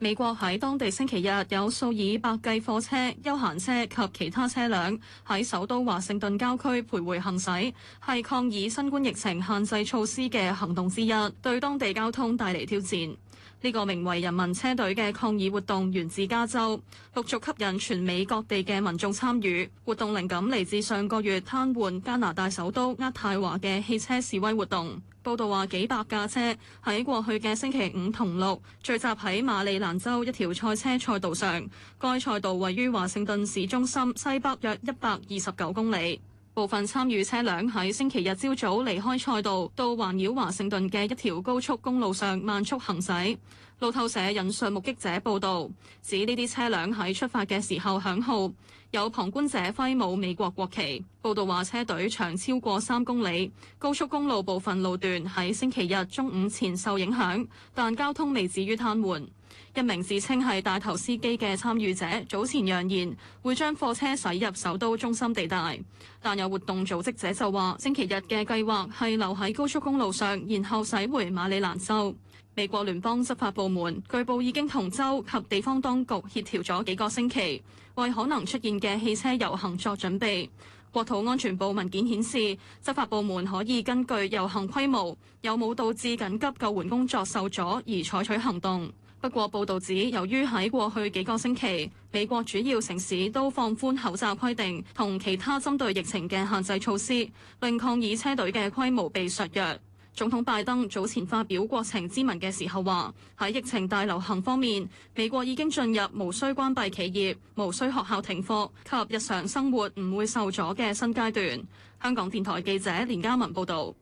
美國喺當地星期日有數以百計貨車、休閒車及其他車輛喺首都華盛頓郊區徘徊行駛，係抗議新冠疫情限制措施嘅行動之一，對當地交通帶嚟挑戰。呢個名為人民車隊嘅抗議活動源自加州，陸續吸引全美各地嘅民眾參與。活動靈感嚟自上個月癱瘓加拿大首都渥太華嘅汽車示威活動。報道話，幾百架車喺過去嘅星期五同六聚集喺馬里蘭州一條賽車賽道上，該賽道位於華盛頓市中心西北約一百二十九公里。部分參與車輛喺星期日朝早離開賽道，到環繞華盛頓嘅一條高速公路上慢速行駛。路透社引述目擊者報道，指呢啲車輛喺出發嘅時候響號，有旁觀者揮舞美國國旗。報道話，車隊長超過三公里，高速公路部分路段喺星期日中午前受影響，但交通未至於癱瘓。一名自稱係大頭司機嘅參與者早前揚言會將貨車駛入首都中心地帶，但有活動組織者就話星期日嘅計劃係留喺高速公路上，然後駛回馬里蘭州。美國聯邦執法部門據報已經同州及地方當局協調咗幾個星期，為可能出現嘅汽車遊行作準備。國土安全部文件顯示，執法部門可以根據遊行規模有冇導致緊急救援工作受阻而採取行動。不過報導指，報道指由於喺過去幾個星期，美國主要城市都放寬口罩規定同其他針對疫情嘅限制措施，令抗議車隊嘅規模被削弱。總統拜登早前發表國情咨文嘅時候話：喺疫情大流行方面，美國已經進入無需關閉企業、無需學校停課及日常生活唔會受阻嘅新階段。香港電台記者連嘉文報導。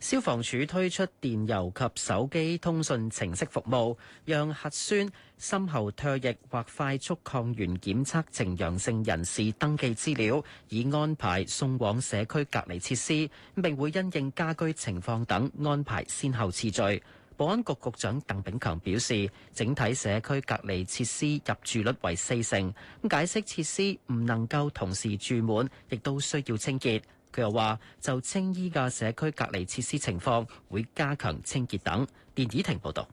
消防處推出電郵及手機通訊程式服務，讓核酸、深喉唾液或快速抗原檢測呈陽性人士登記資料，以安排送往社區隔離設施。並會因應家居情況等安排先後次序。保安局局長鄧炳強表示，整體社區隔離設施入住率為四成，解釋設施唔能夠同時住滿，亦都需要清潔。佢又話：就青衣嘅社區隔離設施情況，會加強清潔等。電子婷報導。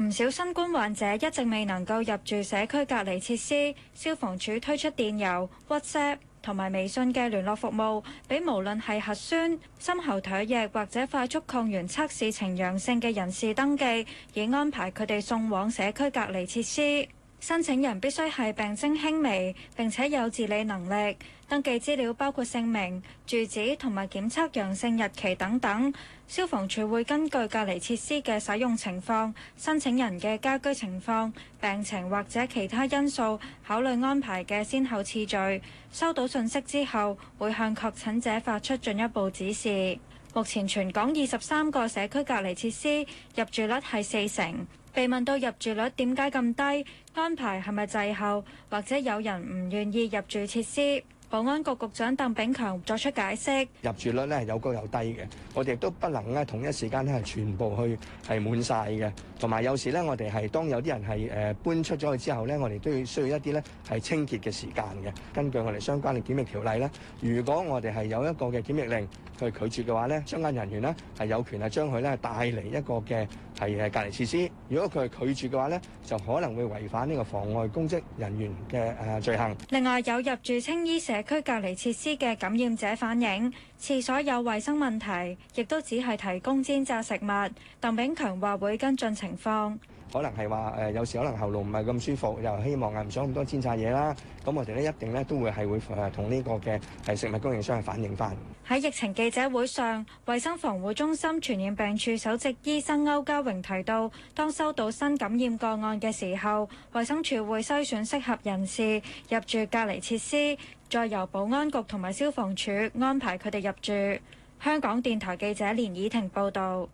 唔少新冠患者一直未能夠入住社區隔離設施，消防處推出電郵、WhatsApp 同埋微信嘅聯絡服務，俾無論係核酸、深喉唾液或者快速抗原測試呈陽性嘅人士登記，以安排佢哋送往社區隔離設施。申請人必須係病徵輕微並且有自理能力。登記資料包括姓名、住址同埋檢測陽性日期等等。消防處會根據隔離設施嘅使用情況、申請人嘅家居情況、病情或者其他因素，考慮安排嘅先後次序。收到信息之後，會向確診者發出進一步指示。目前全港二十三個社區隔離設施入住率係四成。被問到入住率點解咁低，安排係咪滯後，或者有人唔願意入住設施？保安局局長鄧炳強作出解釋：入住率咧有高有低嘅，我哋亦都不能咧同一時間咧係全部去係滿晒嘅。同埋有，有時咧，我哋係當有啲人係誒、呃、搬出咗去之後咧，我哋都要需要一啲咧係清潔嘅時間嘅。根據我哋相關嘅檢疫條例咧，如果我哋係有一個嘅檢疫令去拒絕嘅話咧，相關人員咧係有權啊將佢咧帶嚟一個嘅係誒隔離設施。如果佢係拒絕嘅話咧，就可能會違反呢個妨礙公職人員嘅誒、呃、罪行。另外有入住青衣社。社區隔離設施嘅感染者反映，廁所有衛生問題，亦都只係提供煎炸食物。鄧炳強話會跟進情況，可能係話誒，有時可能喉嚨唔係咁舒服，又希望啊唔想咁多煎炸嘢啦。咁我哋咧一定咧都會係會誒同呢個嘅係食物供應商係反映翻。喺疫情記者會上，衛生防護中心傳染病處首席醫生歐家榮提到，當收到新感染個案嘅時候，衛生署會篩選適合人士入住隔離設施。再由保安局同埋消防署安排佢哋入住。香港電台記者連綺婷報道。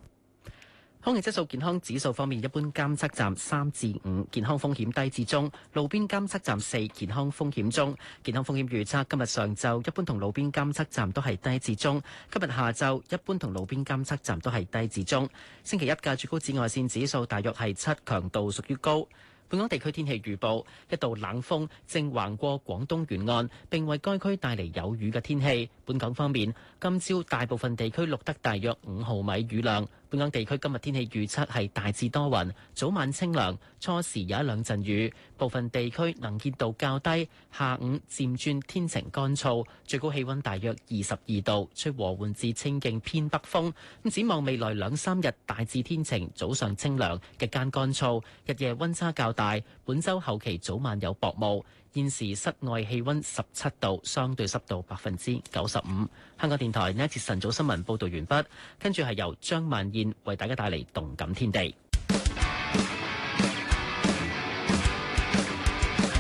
空氣質素健康指數方面，一般監測站三至五，健康風險低至中；路邊監測站四，健康風險中。健康風險預測今日上晝一般同路邊監測站都係低至中，今日下晝一般同路邊監測站都係低至中。星期一嘅最高紫外線指數大約係七，強度屬於高。本港地區天氣預報，一道冷風正橫過廣東沿岸，並為該區帶嚟有雨嘅天氣。本港方面，今朝大部分地區錄得大約五毫米雨量。本港地區今日天氣預測係大致多雲，早晚清涼，初時有一兩陣雨，部分地區能見度較低。下午漸轉天晴乾燥，最高氣温大約二十二度，吹和緩至清勁偏北風。咁展望未來兩三日大致天晴，早上清涼，日間乾燥，日夜温差較大。本週後期早晚有薄霧。現時室外氣溫十七度，相對濕度百分之九十五。香港電台呢一節晨早新聞報道完畢，跟住係由張曼燕為大家帶嚟動感天地。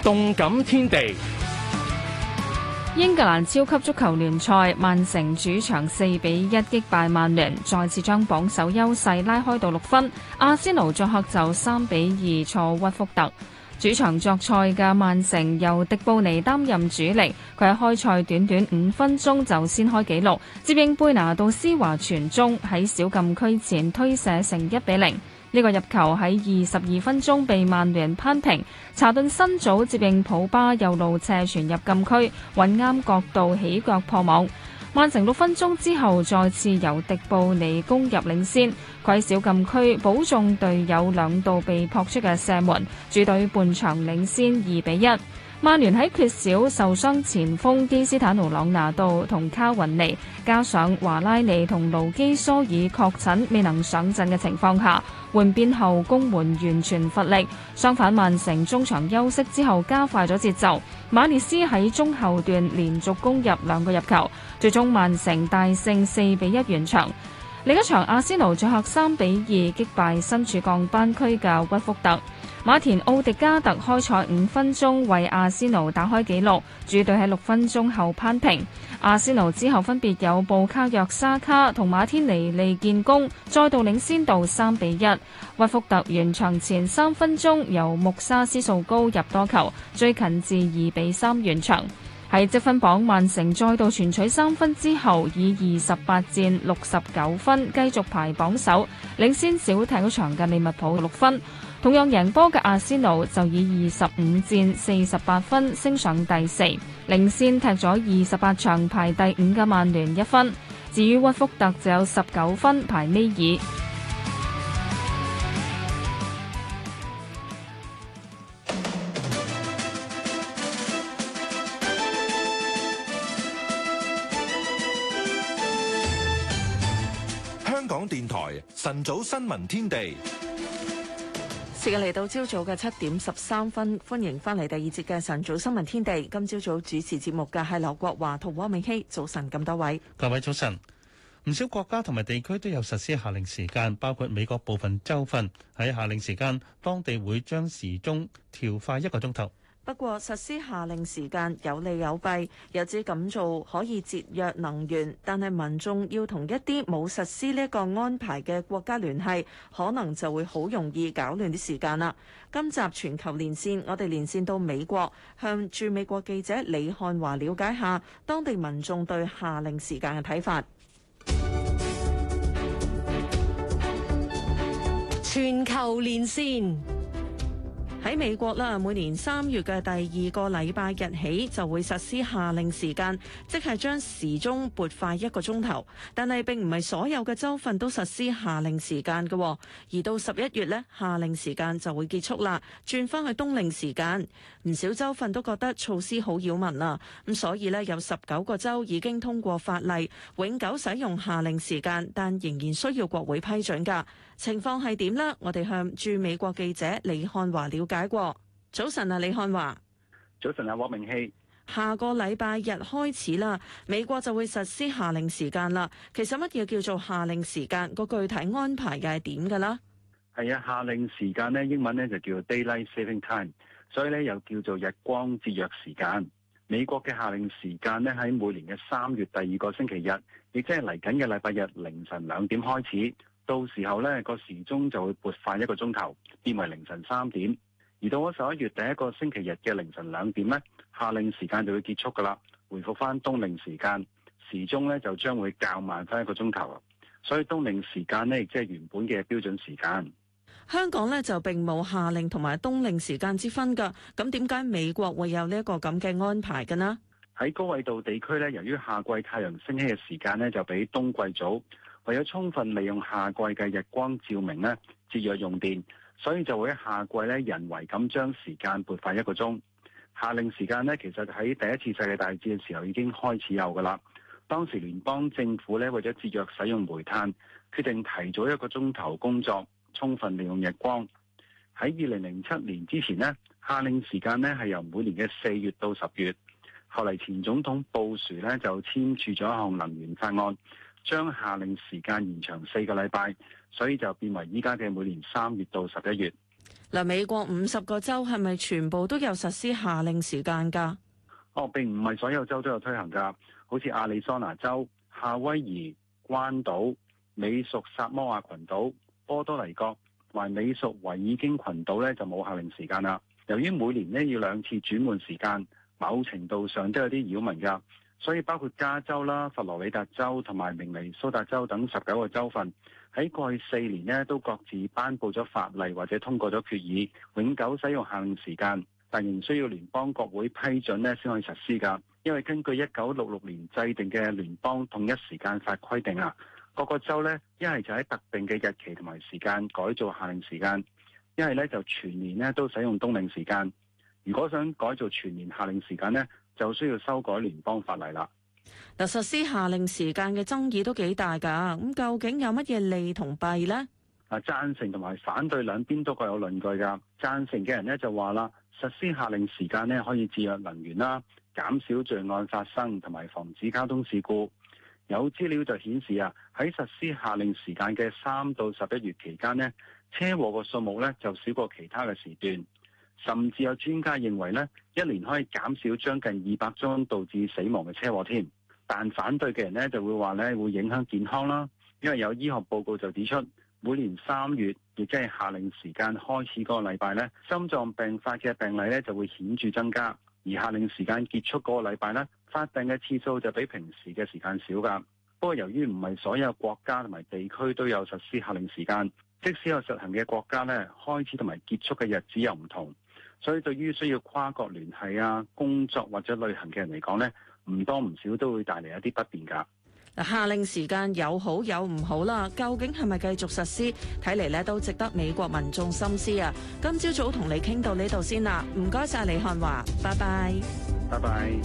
動感天地，英格蘭超級足球聯賽，曼城主場四比一擊敗曼聯，再次將榜首優勢拉開到六分。阿仙奴作客就三比二錯屈福特。主場作賽嘅曼城由迪布尼擔任主力，佢喺開賽短短五分鐘就先開紀錄，接應貝拿到施華傳中喺小禁區前推射成一比零。呢個入球喺二十二分鐘被曼聯扳平，查頓新組接應普巴右路斜傳入禁區，揾啱角度起腳破網。曼城六分鐘之後再次由迪布尼攻入領先。規小禁區保中隊友兩度被撲出嘅射門，主隊半場領先二比一。曼聯喺缺少受傷前鋒基斯坦奴·朗拿度同卡雲尼，加上華拉尼同盧基蘇爾確診未能上陣嘅情況下，換邊後攻門完全乏力。相反，曼城中場休息之後加快咗節奏，馬列斯喺中後段連續攻入兩個入球，最終曼城大勝四比一完場。另一場阿仙奴作客三比二擊敗身處降班區嘅屈福特，馬田奧迪加特開賽五分鐘為阿仙奴打開紀錄，主隊喺六分鐘後扳平。阿仙奴之後分別有布卡約沙卡同馬天尼利建功，再度領先到三比一。屈福特完場前三分鐘由穆沙斯素高入多球，最近至二比三完場。喺積分榜，曼城再度全取三分之後，以二十八戰六十九分繼續排榜首，領先少踢咗場嘅利物浦六分。同樣贏波嘅阿仙奴就以二十五戰四十八分升上第四，領先踢咗二十八場排第五嘅曼聯一分。至於屈福特就有十九分排尾二。電台晨早新聞天地，時間嚟到朝早嘅七點十三分，歡迎翻嚟第二節嘅晨早新聞天地。今朝早主持節目嘅係劉國華同汪美希，早晨咁多位，各位早晨。唔少國家同埋地區都有實施夏令時間，包括美國部分州份喺夏令時間，當地會將時鐘調快一個鐘頭。不過實施下令時間有利有弊，有指咁做可以節約能源，但係民眾要同一啲冇實施呢個安排嘅國家聯繫，可能就會好容易搞亂啲時間啦。今集全球連線，我哋連線到美國，向駐美國記者李漢華了解下當地民眾對下令時間嘅睇法。全球連線。喺美國啦，每年三月嘅第二個禮拜日起就會實施夏令時間，即係將時鐘撥快一個鐘頭。但係並唔係所有嘅州份都實施夏令時間嘅，而到十一月呢夏令時間就會結束啦，轉翻去冬令時間。唔少州份都覺得措施好擾民啦，咁所以呢，有十九個州已經通過法例永久使用夏令時間，但仍然需要國會批准噶。情況係點呢？我哋向駐美國記者李漢華了解過。早晨啊，李漢華。早晨啊，霍明希。下個禮拜日開始啦，美國就會實施夏令時間啦。其實乜嘢叫做夏令時間？個具體安排又係點噶啦？係啊，夏令時間咧，英文咧就叫做 Daylight Saving Time，所以咧又叫做日光節約時間。美國嘅夏令時間咧喺每年嘅三月第二個星期日，亦即係嚟緊嘅禮拜日凌晨兩點開始。到時候咧，個時鐘就會撥快一個鐘頭，變為凌晨三點。而到咗十一月第一個星期日嘅凌晨兩點咧，夏令時間就會結束㗎啦，回復返冬令時間，時鐘咧就將會較慢返一個鐘頭。所以冬令時間咧，即係原本嘅標準時間。香港咧就並冇夏令同埋冬令時間之分㗎。咁點解美國會有呢一個咁嘅安排㗎呢？喺高緯度地區咧，由於夏季太陽升起嘅時間咧就比冬季早。為咗充分利用夏季嘅日光照明呢，節約用電，所以就會喺夏季咧，人為咁將時間撥快一個鐘。夏令時間咧，其實喺第一次世界大戰嘅時候已經開始有㗎喇。當時聯邦政府咧，為咗節約使用煤炭，決定提早一個鐘頭工作，充分利用日光。喺二零零七年之前呢，夏令時間呢係由每年嘅四月到十月。後嚟前總統布殊呢，就簽署咗一項能源法案。將夏令時間延長四個禮拜，所以就變為依家嘅每年三月到十一月。嗱，美國五十個州係咪全部都有實施夏令時間㗎？哦，並唔係所有州都有推行㗎。好似亞利桑那州、夏威夷、關島、美屬薩摩亞群島、波多黎各，還美屬維爾京群島咧就冇夏令時間啦。由於每年呢要兩次轉換時間，某程度上都有啲擾民㗎。所以包括加州啦、佛羅里達州同埋明尼蘇達州等十九個州份，喺過去四年咧都各自頒布咗法例或者通過咗決議，永久使用夏令時間，但仍需要聯邦國會批准咧先可以實施噶，因為根據一九六六年制定嘅聯邦統一時間法規定啊，各個州咧一係就喺特定嘅日期同埋時間改造夏令時間，一係咧就全年咧都使用冬令時間，如果想改造全年夏令時間咧，就需要修改聯邦法例啦。嗱，實施夏令時間嘅爭議都幾大噶，咁究竟有乜嘢利同弊呢？啊，贊成同埋反對兩邊都各有論據噶。贊成嘅人咧就話啦，實施夏令時間咧可以節約能源啦，減少罪案發生同埋防止交通事故。有資料就顯示啊，喺實施夏令時間嘅三到十一月期間呢，車禍嘅數目咧就少過其他嘅時段。甚至有專家認為咧，一年可以減少將近二百宗導致死亡嘅車禍添。但反對嘅人咧就會話咧，會影響健康啦。因為有醫學報告就指出，每年三月亦即係夏令時間開始個禮拜咧，心臟病發嘅病例咧就會顯著增加。而夏令時間結束個禮拜咧，發病嘅次數就比平時嘅時間少㗎。不過由於唔係所有國家同埋地區都有實施夏令時間，即使有實行嘅國家咧，開始同埋結束嘅日子又唔同。所以對於需要跨國聯繫啊、工作或者旅行嘅人嚟講咧，唔多唔少都會帶嚟一啲不便㗎。嗱，夏令時間有好有唔好啦，究竟係咪繼續實施？睇嚟咧都值得美國民眾深思啊。今朝早同你傾到呢度先啦，唔該晒。李漢華，拜拜。拜拜。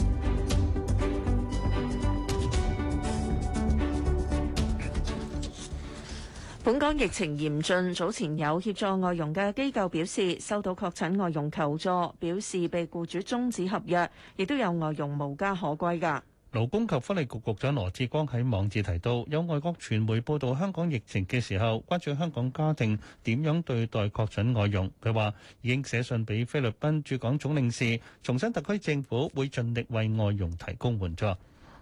本港疫情嚴峻，早前有協助外傭嘅機構表示收到確診外傭求助，表示被僱主終止合約，亦都有外傭無家可歸噶。勞工及福利局局長羅志光喺網誌提到，有外國傳媒報道香港疫情嘅時候，關注香港家庭點樣對待確診外傭。佢話已經寫信俾菲律賓駐港總領事，重申特區政府會盡力為外傭提供援助。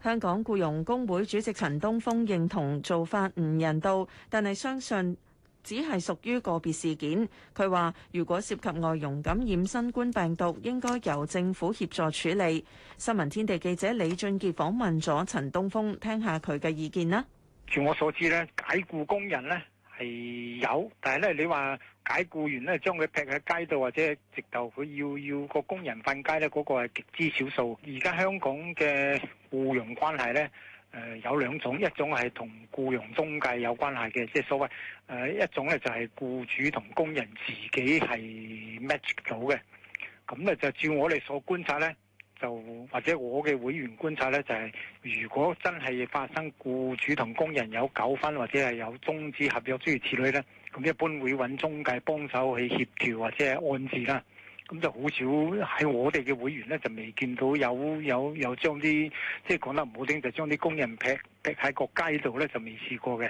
香港僱傭工會主席陳東峰認同做法唔人道，但係相信只係屬於個別事件。佢話如果涉及外傭感染新冠病毒，應該由政府協助處理。新聞天地記者李俊傑訪問咗陳東峰，聽下佢嘅意見啦。據我所知呢，解僱工人呢。係有，但係咧，你話解雇員咧，將佢劈喺街度，或者直頭佢要要個工人瞓街咧，嗰、那個係極之少數。而家香港嘅雇傭關係咧，誒、呃、有兩種，一種係同僱傭中介有關係嘅，即係所謂誒、呃、一種咧就係僱主同工人自己係 match 到嘅，咁咧就照我哋所觀察咧。就或者我嘅會員觀察呢，就係如果真係發生僱主同工人有糾紛，或者係有中止合約諸如此類呢，咁一般會揾中介幫手去協調或者安置啦。咁就好少喺我哋嘅會員呢，就未見到有有有將啲即係講得唔好聽，就將啲工人劈劈喺個街度呢，就未試過嘅。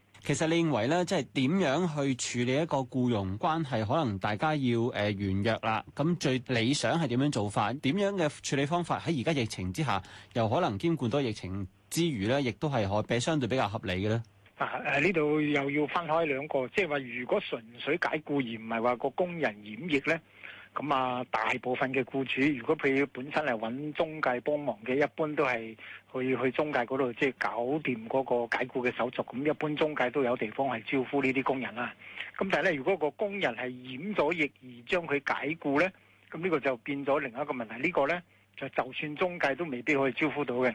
其實你認為咧，即係點樣去處理一個僱傭關係？可能大家要誒圓約啦。咁、呃、最理想係點樣做法？點樣嘅處理方法喺而家疫情之下，又可能兼顧到疫情之餘咧，亦都係可比相對比較合理嘅咧、啊。啊誒，呢度又要分開兩個，即係話如果純粹解僱而唔係話個工人染疫咧。咁啊，大部分嘅僱主，如果譬如本身嚟揾中介幫忙嘅，一般都係去去中介嗰度，即係搞掂嗰個解僱嘅手續，咁一般中介都有地方係招呼呢啲工人啦。咁但係咧，如果個工人係染咗疫而將佢解僱咧，咁呢個就變咗另一個問題。呢個咧就就算中介都未必可以招呼到嘅。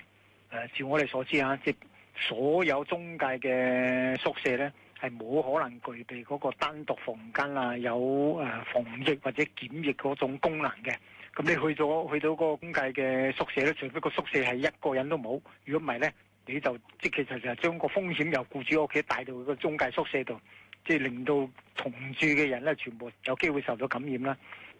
誒，照我哋所知啊，即係所有中介嘅宿舍咧。係冇可能具備嗰個單獨房間啊，有誒、呃、防疫或者檢疫嗰種功能嘅。咁你去到去到個中介嘅宿舍咧，除非個宿舍係一個人都冇，如果唔係咧，你就即其實就將個風險由僱主屋企帶到個中介宿舍度，即係令到同住嘅人咧全部有機會受到感染啦。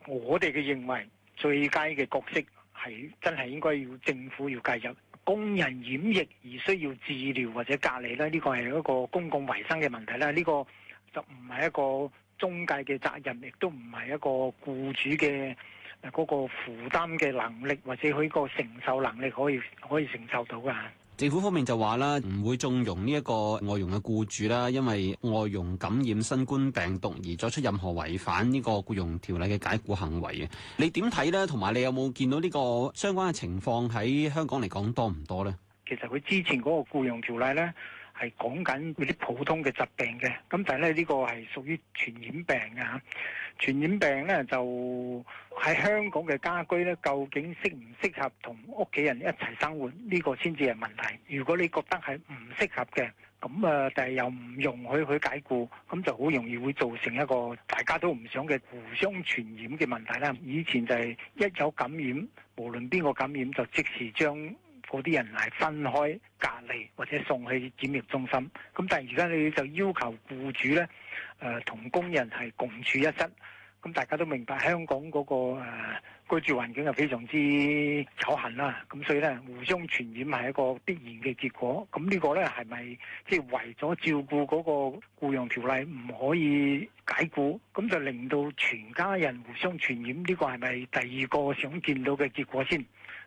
我哋嘅認為最佳嘅角色係真係應該要政府要介入。工人染疫而需要治療或者隔離咧，呢個係一個公共衞生嘅問題啦。呢個就唔係一個中介嘅責任，亦都唔係一個僱主嘅嗰個負擔嘅能力，或者佢個承受能力可以可以承受到㗎。政府方面就話啦，唔會縱容呢一個外傭嘅僱主啦，因為外傭感染新冠病毒而作出任何違反呢個僱傭條例嘅解雇行為嘅。你點睇呢？同埋你有冇見到呢個相關嘅情況喺香港嚟講多唔多呢？其實佢之前嗰個僱傭條例呢。係講緊嗰啲普通嘅疾病嘅，咁但係咧呢個係屬於傳染病啊。嚇。傳染病呢，就喺香港嘅家居呢，究竟適唔適合同屋企人一齊生活呢個先至係問題。如果你覺得係唔適合嘅，咁啊，但係又唔容許佢解雇，咁就好容易會造成一個大家都唔想嘅互相傳染嘅問題啦。以前就係一有感染，無論邊個感染就即時將。嗰啲人係分開隔離或者送去檢疫中心，咁但係而家你就要求僱主咧，誒同工人係共處一室，咁大家都明白香港嗰個誒居住環境係非常之有限啦，咁所以咧互相傳染係一個必然嘅結果，咁呢個咧係咪即係為咗照顧嗰個雇傭條例唔可以解僱，咁就令到全家人互相傳染，呢個係咪第二個想見到嘅結果先？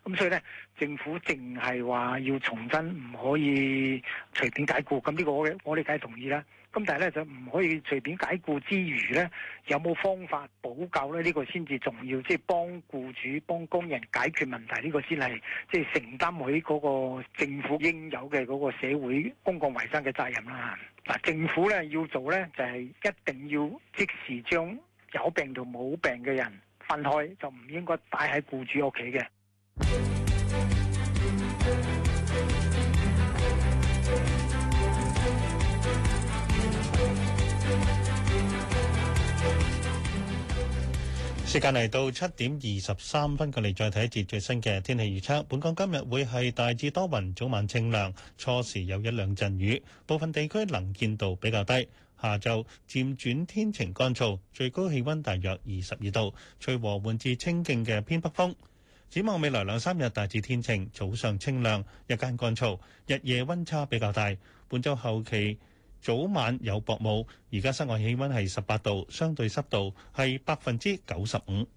咁所以咧，政府淨係話要重申，唔可以隨便解僱，咁呢個我我梗係同意啦。咁但係咧就唔可以隨便解僱之餘咧，有冇方法補救咧？呢個先至重要，即係幫僱主幫工人解決問題。呢個先係即係承擔起嗰個政府應有嘅嗰個社會公共衛生嘅責任啦。嗱，政府咧要做咧就係一定要即時將有病同冇病嘅人分開，就唔應該擺喺僱主屋企嘅。時間嚟到七點二十三分，我哋再睇一節最新嘅天氣預測。本港今日會係大致多雲，早晚清涼，初時有一兩陣雨，部分地區能見度比較低。下晝漸轉天晴，乾燥，最高氣温大約二十二度，吹和緩至清勁嘅偏北風。展望未來兩三日大致天晴，早上清涼，日間乾燥，日夜溫差比較大。本週後期早晚有薄霧。而家室外氣溫係十八度，相對濕度係百分之九十五。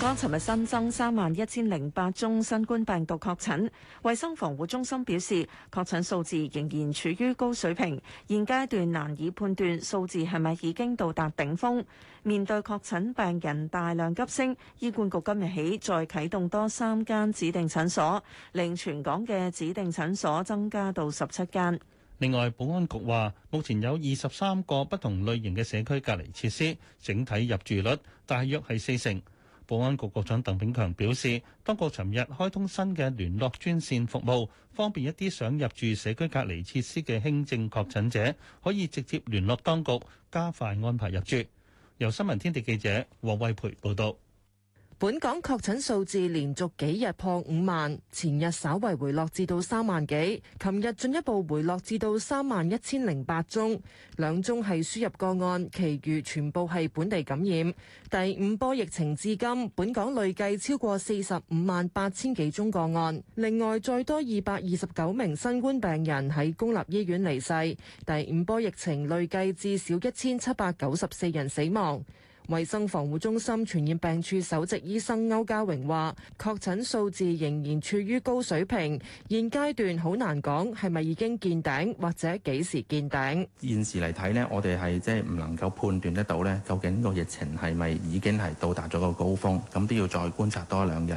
剛，尋日新增三萬一千零八宗新冠病毒確診。衛生防護中心表示，確診數字仍然處於高水平，現階段難以判斷數字係咪已經到達頂峰。面對確診病人大量急升，醫管局今日起再啟動多三間指定診所，令全港嘅指定診所增加到十七間。另外，保安局話，目前有二十三個不同類型嘅社區隔離設施，整體入住率大約係四成。保安局局長鄧炳強表示，當局尋日開通新嘅聯絡專線服務，方便一啲想入住社區隔離設施嘅輕症確診者，可以直接聯絡當局，加快安排入住。由新聞天地記者黃慧培報道。本港確診數字連續幾日破五萬，前日稍為回落至到三萬幾，琴日進一步回落至到三萬一千零八宗，兩宗係輸入個案，其餘全部係本地感染。第五波疫情至今，本港累計超過四十五萬八千幾宗個案，另外再多二百二十九名新冠病人喺公立醫院離世，第五波疫情累計至少一千七百九十四人死亡。衛生防護中心傳染病處首席醫生歐家榮話，確診數字仍然處於高水平，現階段好難講係咪已經見頂，或者幾時見頂。現時嚟睇呢，我哋係即係唔能夠判斷得到呢，究竟個疫情係咪已經係到達咗個高峰，咁都要再觀察多兩日。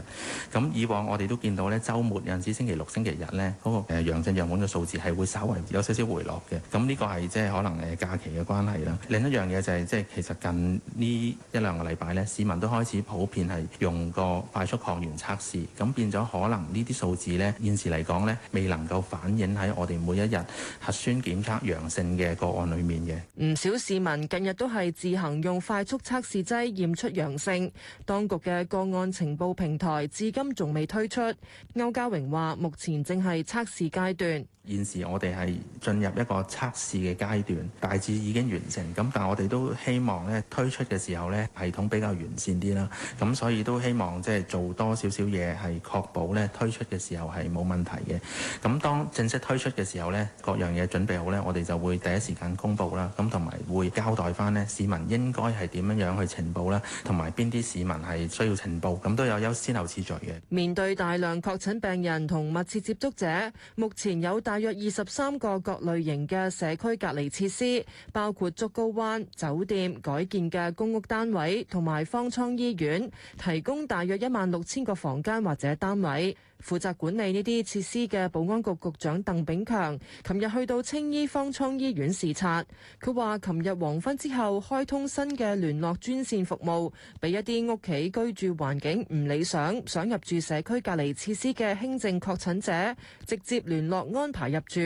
咁以往我哋都見到呢，周末有陣時星期六、星期日呢，嗰個誒陽性樣本嘅數字係會稍為有少少回落嘅。咁呢個係即係可能誒假期嘅關係啦。另一樣嘢就係即係其實近呢。一兩個禮拜呢，市民都開始普遍係用個快速抗原測試，咁變咗可能呢啲數字呢，現時嚟講呢，未能夠反映喺我哋每一日核酸檢測陽性嘅個案裡面嘅。唔少市民近日都係自行用快速測試劑驗出陽性，當局嘅個案情報平台至今仲未推出。歐家榮話：目前正係測試階段。現時我哋係進入一個測試嘅階段，大致已經完成。咁但係我哋都希望咧推出嘅時候咧，系統比較完善啲啦。咁所以都希望即係做多少少嘢，係確保咧推出嘅時候係冇問題嘅。咁當正式推出嘅時候呢，各樣嘢準備好呢，我哋就會第一時間公佈啦。咁同埋會交代翻呢，市民應該係點樣樣去呈報啦，同埋邊啲市民係需要呈報，咁都有優先後次序嘅。面對大量確診病人同密切接觸者，目前有大大約二十三個各類型嘅社區隔離設施，包括竹篙灣酒店改建嘅公屋單位，同埋方艙醫院，提供大約一萬六千個房間或者單位。負責管理呢啲設施嘅保安局局長鄧炳強，琴日去到青衣方艙醫院視察。佢話：琴日黃昏之後開通新嘅聯絡專線服務，俾一啲屋企居住環境唔理想、想入住社區隔離設施嘅輕症確診者，直接聯絡安排入住。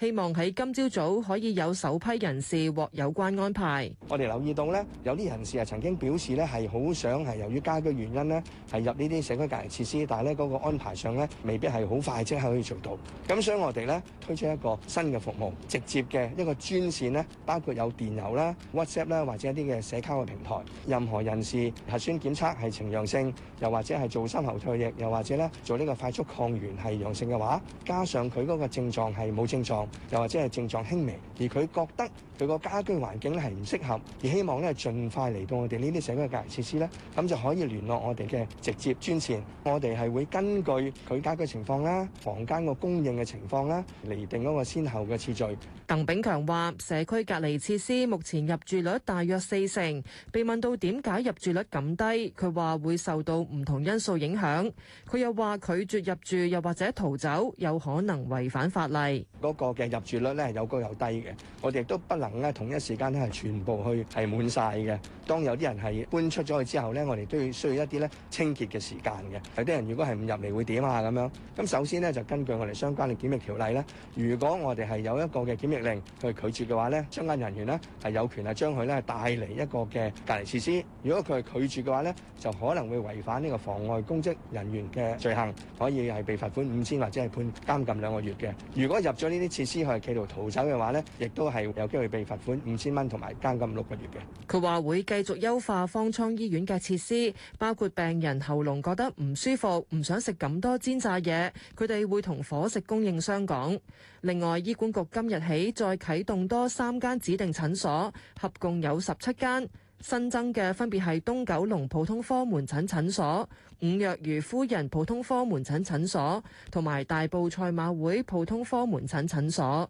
希望喺今朝早可以有首批人士獲有關安排。我哋留意到呢，有啲人士係曾經表示呢，係好想係由於家居原因呢，係入呢啲社區隔離設施，但係呢嗰個安排上。咧未必係好快即刻可以做到，咁所以我哋咧推出一個新嘅服務，直接嘅一個專線咧，包括有電郵啦、WhatsApp 啦，或者一啲嘅社交嘅平台。任何人士核酸檢測係呈陽性，又或者係做深喉唾液，又或者咧做呢個快速抗原係陽性嘅話，加上佢嗰個症狀係冇症狀，又或者係症狀輕微，而佢覺得佢個家居環境咧係唔適合，而希望咧盡快嚟到我哋呢啲社區嘅隔離設施咧，咁就可以聯絡我哋嘅直接專線，我哋係會根據。佢家嘅情況啦，房間個供應嘅情況啦，嚟定嗰個先後嘅次序。鄧炳強話社區隔離設施目前入住率大約四成。被問到點解入住率咁低，佢話會受到唔同因素影響，佢又話拒絕入住又或者逃走有可能違反法例。個嘅入住率咧係有高有低嘅，我哋亦都不能咧同一時間咧係全部去係滿晒嘅。當有啲人係搬出咗去之後咧，我哋都要需要一啲咧清潔嘅時間嘅。有啲人如果係唔入嚟會點啊？啊咁樣，咁首先呢，就根據我哋相關嘅檢疫條例咧，如果我哋係有一個嘅檢疫令去拒絕嘅話咧，相關人員呢係有權係將佢咧係帶嚟一個嘅隔離設施。如果佢係拒絕嘅話咧，就可能會違反呢個妨礙公職人員嘅罪行，可以係被罰款五千或者係判監禁兩個月嘅。如果入咗呢啲設施去企圖逃走嘅話咧，亦都係有機會被罰款五千蚊同埋監禁六個月嘅。佢話會繼續優化方艙醫院嘅設施，包括病人喉嚨覺得唔舒服、唔想食咁多。煎炸嘢，佢哋會同伙食供應商講。另外，醫管局今日起再啟動多三間指定診所，合共有十七間，新增嘅分別係東九龍普通科門診診所、五若如夫人普通科門診診所同埋大埔賽馬會普通科門診診所。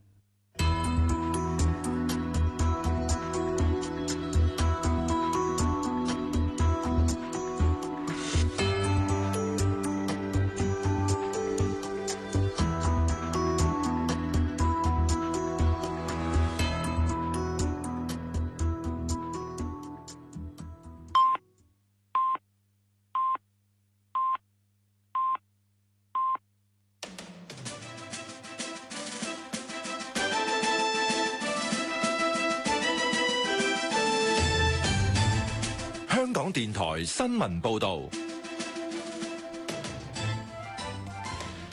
新聞報導。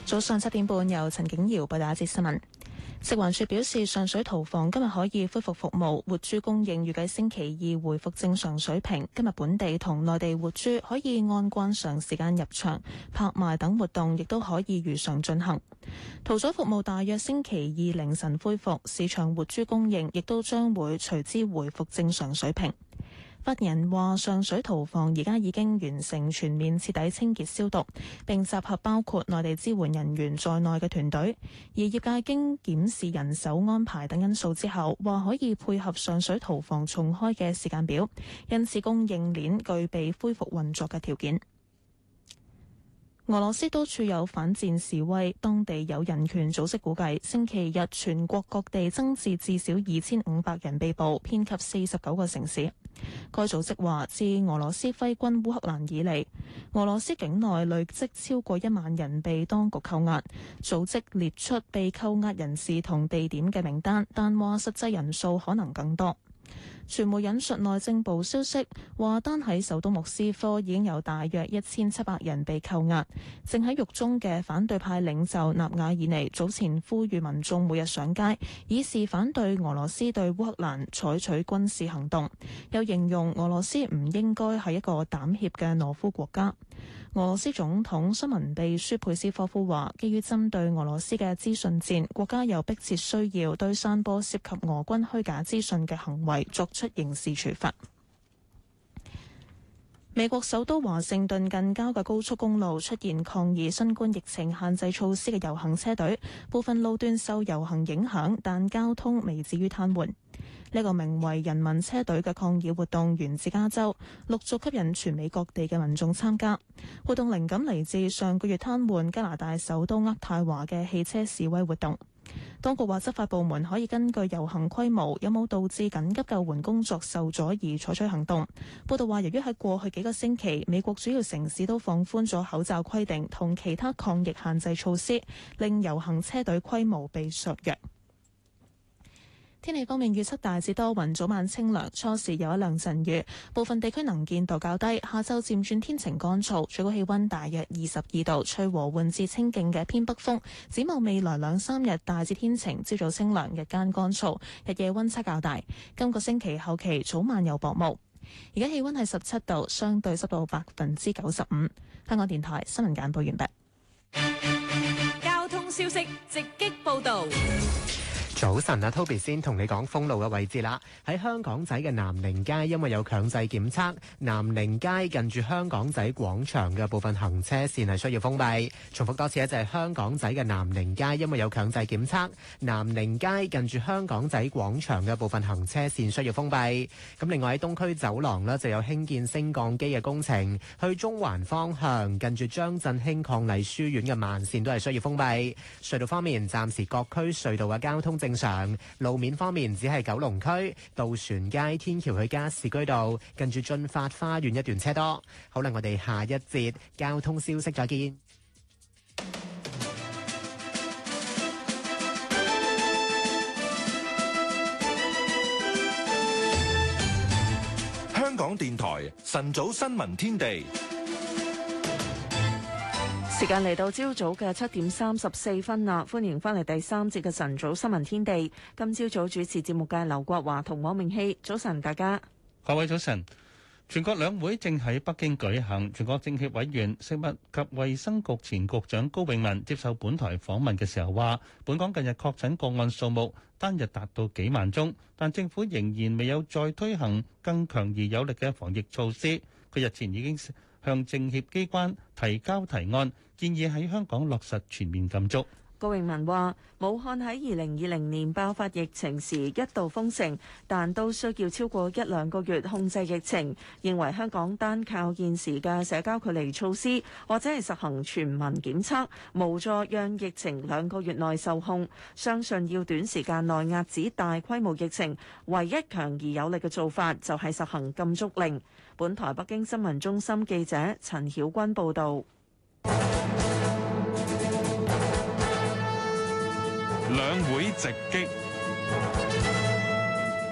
早上七點半，由陳景瑤報道一節新聞。食環署表示，上水屠房今日可以恢復服務，活豬供應預計星期二回復正常水平。今日本地同內地活豬可以按慣常時間入場、拍賣等活動亦都可以如常進行。屠宰服務大約星期二凌晨恢復，市場活豬供應亦都將會隨之回復正常水平。發言人話：上水屠房而家已經完成全面徹底清潔消毒，並集合包括內地支援人員在內嘅團隊。而業界經檢視人手安排等因素之後，話可以配合上水屠房重開嘅時間表，因此供應鏈具備恢復運作嘅條件。俄羅斯都處有反戰示威，當地有人權組織估計，星期日全國各地增至至少二千五百人被捕，遍及四十九個城市。該組織話，自俄羅斯揮軍烏克蘭以嚟，俄羅斯境內累積超過一萬人被當局扣押。組織列出被扣押人士同地點嘅名單，但話實際人數可能更多。傳媒引述內政部消息，話單喺首都莫斯科已經有大約一千七百人被扣押。正喺獄中嘅反對派領袖納瓦爾尼早前呼籲民眾每日上街，以示反對俄羅斯對烏克蘭採取軍事行動，又形容俄羅斯唔應該係一個膽怯嘅懦夫國家。俄羅斯總統新聞秘書佩斯科夫話，基於針對俄羅斯嘅資訊戰，國家又迫切需要對散播涉及俄軍虛假資訊嘅行為作出刑事處罰。美國首都華盛頓近郊嘅高速公路出現抗議新冠疫情限制措施嘅遊行車隊，部分路段受遊行影響，但交通未至於癱瘓。呢個名為“人民車隊”嘅抗議活動源自加州，陸續吸引全美各地嘅民眾參加。活動靈感嚟自上個月癱瘓加拿大首都渥太華嘅汽車示威活動。當局話執法部門可以根據遊行規模有冇導致緊急救援工作受阻而採取行動。報道話，由於喺過去幾個星期，美國主要城市都放寬咗口罩規定同其他抗疫限制措施，令遊行車隊規模被削弱。天氣方面，預測大致多雲，早晚清涼，初時有一兩陣雨，部分地區能見度較低。下晝漸轉天晴乾燥，最高氣溫大約二十二度，吹和緩至清勁嘅偏北風。展望未來兩三日大致天晴，朝早清涼，日間乾燥，日夜温差較大。今個星期後期早晚有薄霧。而家氣溫係十七度，相對濕度百分之九十五。香港電台新聞簡報完畢。交通消息直擊報道。早晨啊，Toby 先同你講封路嘅位置啦。喺香港仔嘅南寧街，因為有強制檢測，南寧街近住香港仔廣場嘅部分行車線係需要封閉。重複多次咧，就係、是、香港仔嘅南寧街，因為有強制檢測，南寧街近住香港仔廣場嘅部分行車線需要封閉。咁另外喺東區走廊咧，就有興建升降機嘅工程。去中環方向近住張振興伉儷書院嘅慢線都係需要封閉。隧道方面，暫時各區隧道嘅交通正正常，路面方面，只係九龍區渡船街天橋去加士居道近住駿發花園一段車多。好啦，我哋下一節交通消息再見。香港電台晨早新聞天地。時間嚟到朝早嘅七點三十四分啦，歡迎翻嚟第三節嘅晨早新聞天地。今朝早主持節目嘅劉國華同我明熙，早晨大家。各位早晨，全國兩會正喺北京舉行。全國政協委員食物及衛生局前局長高永文接受本台訪問嘅時候話，本港近日確診個案數目單日達到幾萬宗，但政府仍然未有再推行更強而有力嘅防疫措施。佢日前已經向政協機關提交提案。建議喺香港落實全面禁足。郭榮文話，武漢喺二零二零年爆發疫情時一度封城，但都需要超過一兩個月控制疫情。認為香港單靠現時嘅社交距離措施，或者係實行全民檢測，無助讓疫情兩個月內受控。相信要短時間內壓止大規模疫情，唯一強而有力嘅做法就係實行禁足令。本台北京新聞中心記者陳曉君報導。兩會直擊。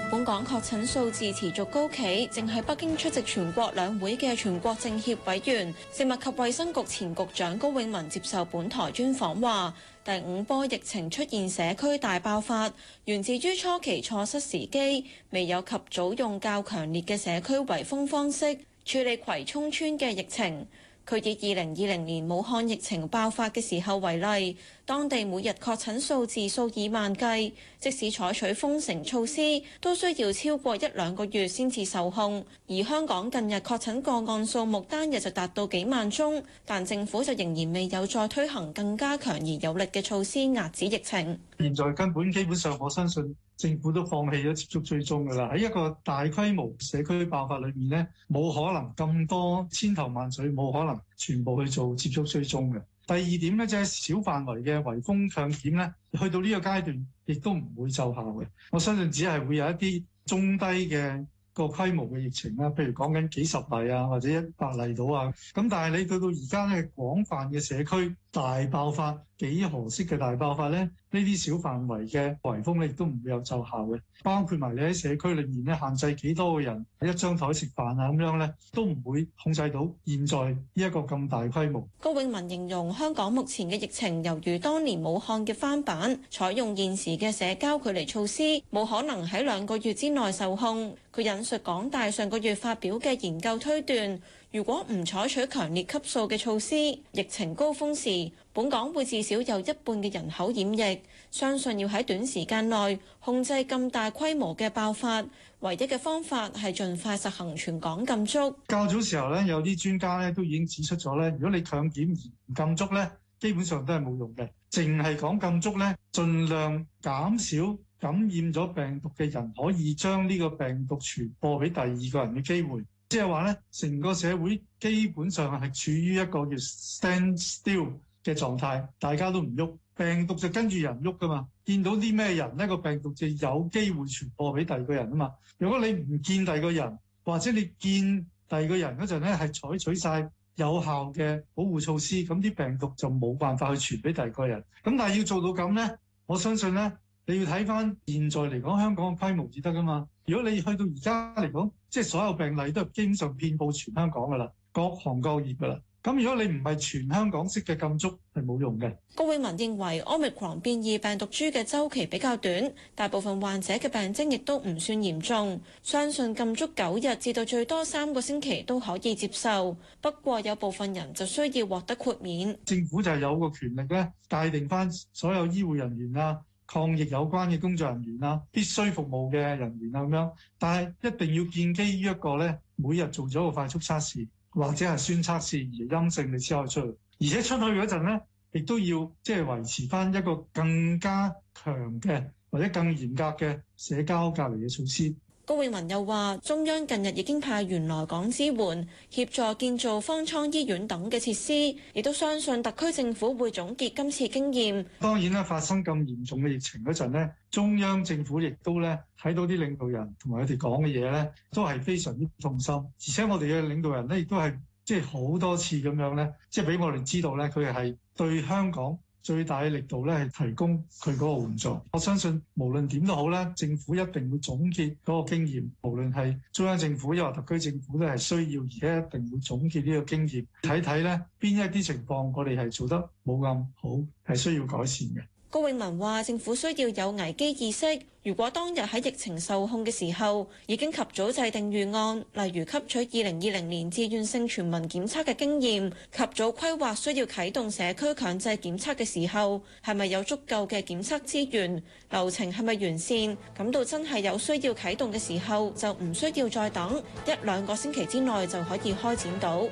本港確診數字持續高企，正喺北京出席全國兩會嘅全國政協委員、食物及衛生局前局長高永文接受本台專訪話：第五波疫情出現社區大爆發，源自於初期錯失時機，未有及早用較強烈嘅社區圍封方式處理葵涌村嘅疫情。佢以二零二零年武漢疫情爆發嘅時候為例，當地每日確診數字數以萬計，即使採取封城措施，都需要超過一兩個月先至受控。而香港近日確診個案數目單日就達到幾萬宗，但政府就仍然未有再推行更加強而有力嘅措施壓止疫情。現在根本基本上，我相信。政府都放棄咗接觸追蹤㗎啦，喺一個大規模社區爆發裏面咧，冇可能咁多千頭萬緒，冇可能全部去做接觸追蹤嘅。第二點咧，即係小範圍嘅圍封強檢咧，去到呢個階段亦都唔會奏效嘅。我相信只係會有一啲中低嘅個規模嘅疫情啦，譬如講緊幾十例啊，或者一百例到啊。咁但係你去到而家咧，廣泛嘅社區。大爆發，幾何式嘅大爆發呢，呢啲小範圍嘅圍封咧，亦都唔會有奏效嘅。包括埋你喺社區裏面咧，限制幾多個人喺一張台食飯啊咁樣咧，都唔會控制到現在呢一個咁大規模。高永文形容香港目前嘅疫情猶如當年武漢嘅翻版，採用現時嘅社交距離措施，冇可能喺兩個月之內受控。佢引述港大上個月發表嘅研究推斷。如果唔採取強烈級數嘅措施，疫情高峰時，本港會至少有一半嘅人口染疫。相信要喺短時間內控制咁大規模嘅爆發，唯一嘅方法係盡快實行全港禁足。較早時候咧，有啲專家咧都已經指出咗咧，如果你強檢而唔禁足咧，基本上都係冇用嘅。淨係講禁足咧，盡量減少感染咗病毒嘅人可以將呢個病毒傳播俾第二個人嘅機會。即係話咧，成個社會基本上係處於一個叫 standstill 嘅狀態，大家都唔喐，病毒就跟住人喐噶嘛。見到啲咩人呢？個病毒就有機會傳播俾第二個人啊嘛。如果你唔見第二個人，或者你見第二個人嗰陣咧，係採取晒有效嘅保護措施，咁啲病毒就冇辦法去傳俾第二個人。咁但係要做到咁咧，我相信咧，你要睇翻現在嚟講香港嘅規模至得噶嘛。如果你去到而家嚟講，即係所有病例都係基本上遍布全香港噶啦，各行各業噶啦。咁如果你唔係全香港式嘅禁足，係冇用嘅。高永文認為奧密克戎變異病毒株嘅周期比較短，大部分患者嘅病徵亦都唔算嚴重，相信禁足九日至到最多三個星期都可以接受。不過有部分人就需要獲得豁免。政府就係有個權力咧，界定翻所有醫護人員啦、啊。抗疫有關嘅工作人員啦，必須服務嘅人員啊。咁樣，但係一定要建基於一個咧，每日做咗個快速測試或者係宣測試而陰性，你先可以出去。而且出去嗰陣咧，亦都要即係維持返一個更加強嘅或者更嚴格嘅社交隔離嘅措施。高永文又話：中央近日已經派員來港支援，協助建造方艙醫院等嘅設施，亦都相信特區政府會總結今次經驗。當然啦，發生咁嚴重嘅疫情嗰陣咧，中央政府亦都咧睇到啲領導人同埋佢哋講嘅嘢咧，都係非常之痛心。而且我哋嘅領導人咧，亦都係即係好多次咁樣咧，即係俾我哋知道咧，佢係對香港。最大嘅力度咧，係提供佢嗰個援助。我相信無論點都好咧，政府一定會總結嗰個經驗。無論係中央政府、又或特區政府都係需要，而且一定會總結呢個經驗，睇睇咧邊一啲情況，我哋係做得冇咁好，係需要改善嘅。高永文話：政府需要有危機意識，如果當日喺疫情受控嘅時候已經及早制定預案，例如吸取二零二零年志願性全民檢測嘅經驗，及早規劃需要啟動社區強制檢測嘅時候，係咪有足夠嘅檢測資源、流程係咪完善？咁到真係有需要啟動嘅時候，就唔需要再等，一兩個星期之內就可以開展到。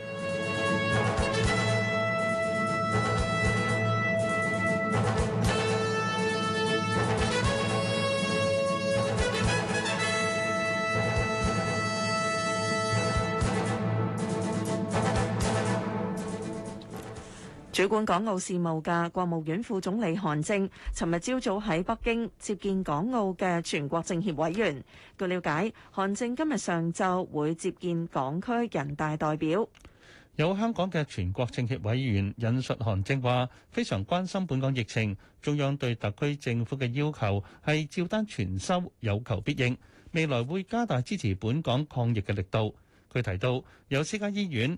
主管港澳事務嘅國務院副總理韓正，尋日朝早喺北京接見港澳嘅全國政協委員。據了解，韓正今日上晝會接見港區人大代表。有香港嘅全國政協委員引述韓正話：非常關心本港疫情，中央對特區政府嘅要求係照單全收，有求必應。未來會加大支持本港抗疫嘅力度。佢提到有私家醫院。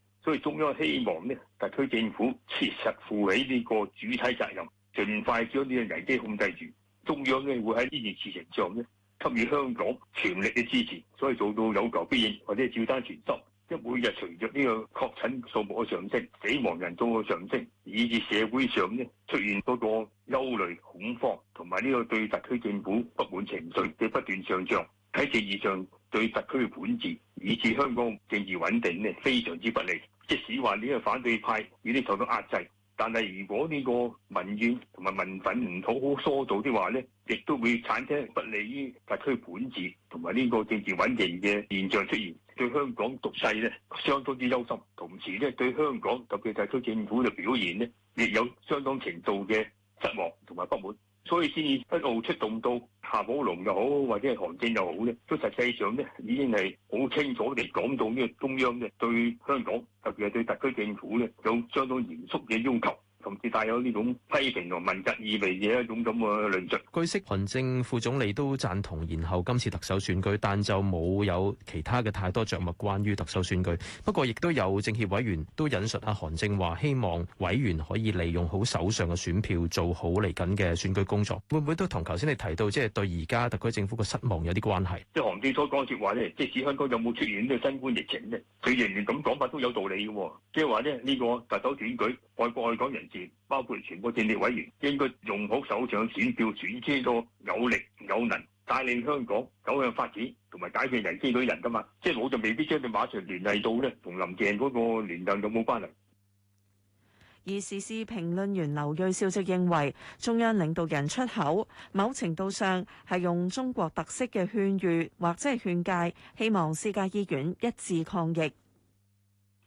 所以中央希望呢特區政府切實負起呢個主體責任，盡快將呢個危機控制住。中央呢會喺呢件事情上呢給予香港全力嘅支持。所以做到有求必應或者照單全收。即係每日隨着呢個確診數目嘅上升、死亡人數嘅上升，以致社會上呢出現嗰個憂慮、恐慌同埋呢個對特區政府不滿情緒嘅不斷上漲，喺政治上對特區嘅管治，以致香港政治穩定呢非常之不利。即使話你係反對派，你哋受到壓制，但係如果呢個民怨同埋民憤唔好，好好疏導的話呢亦都會產生不利於特區本治同埋呢個政治穩定嘅現象出現，對香港局勢呢相當之憂心，同時呢對香港特別特區政府嘅表現呢亦有相當程度嘅失望同埋不滿。所以先至一路出動到夏寶龍又好，或者係韓正又好咧，都實際上咧已經係好清楚地講到呢個中央咧對香港，特別係對特區政府咧有相當嚴肅嘅要求。同時帶有呢種批評同文革意味嘅一種咁嘅論述。據悉，韓正副總理都贊同，然後今次特首選舉，但就冇有其他嘅太多著墨關於特首選舉。不過，亦都有政協委員都引述下韓正話，希望委員可以利用好手上嘅選票，做好嚟緊嘅選舉工作。會唔會都同頭先你提到，即係對而家特區政府嘅失望有啲關係？即係韓正所講嘅話呢，即使香港有冇出現到新冠疫情咧，佢仍然咁講法都有道理嘅。即係話咧，呢個特首選舉，愛國愛港人。包括全國政協委員應該用好手上選票，選出個有力有能帶領香港走向發展同埋解決危機嗰啲人噶嘛，即係我就未必將佢馬上聯繫到咧，同林鄭嗰個聯繫有冇關係？而時事評論員劉銳紹就認為，中央領導人出口某程度上係用中國特色嘅勸喻或者係勸戒，希望私家醫院一致抗疫。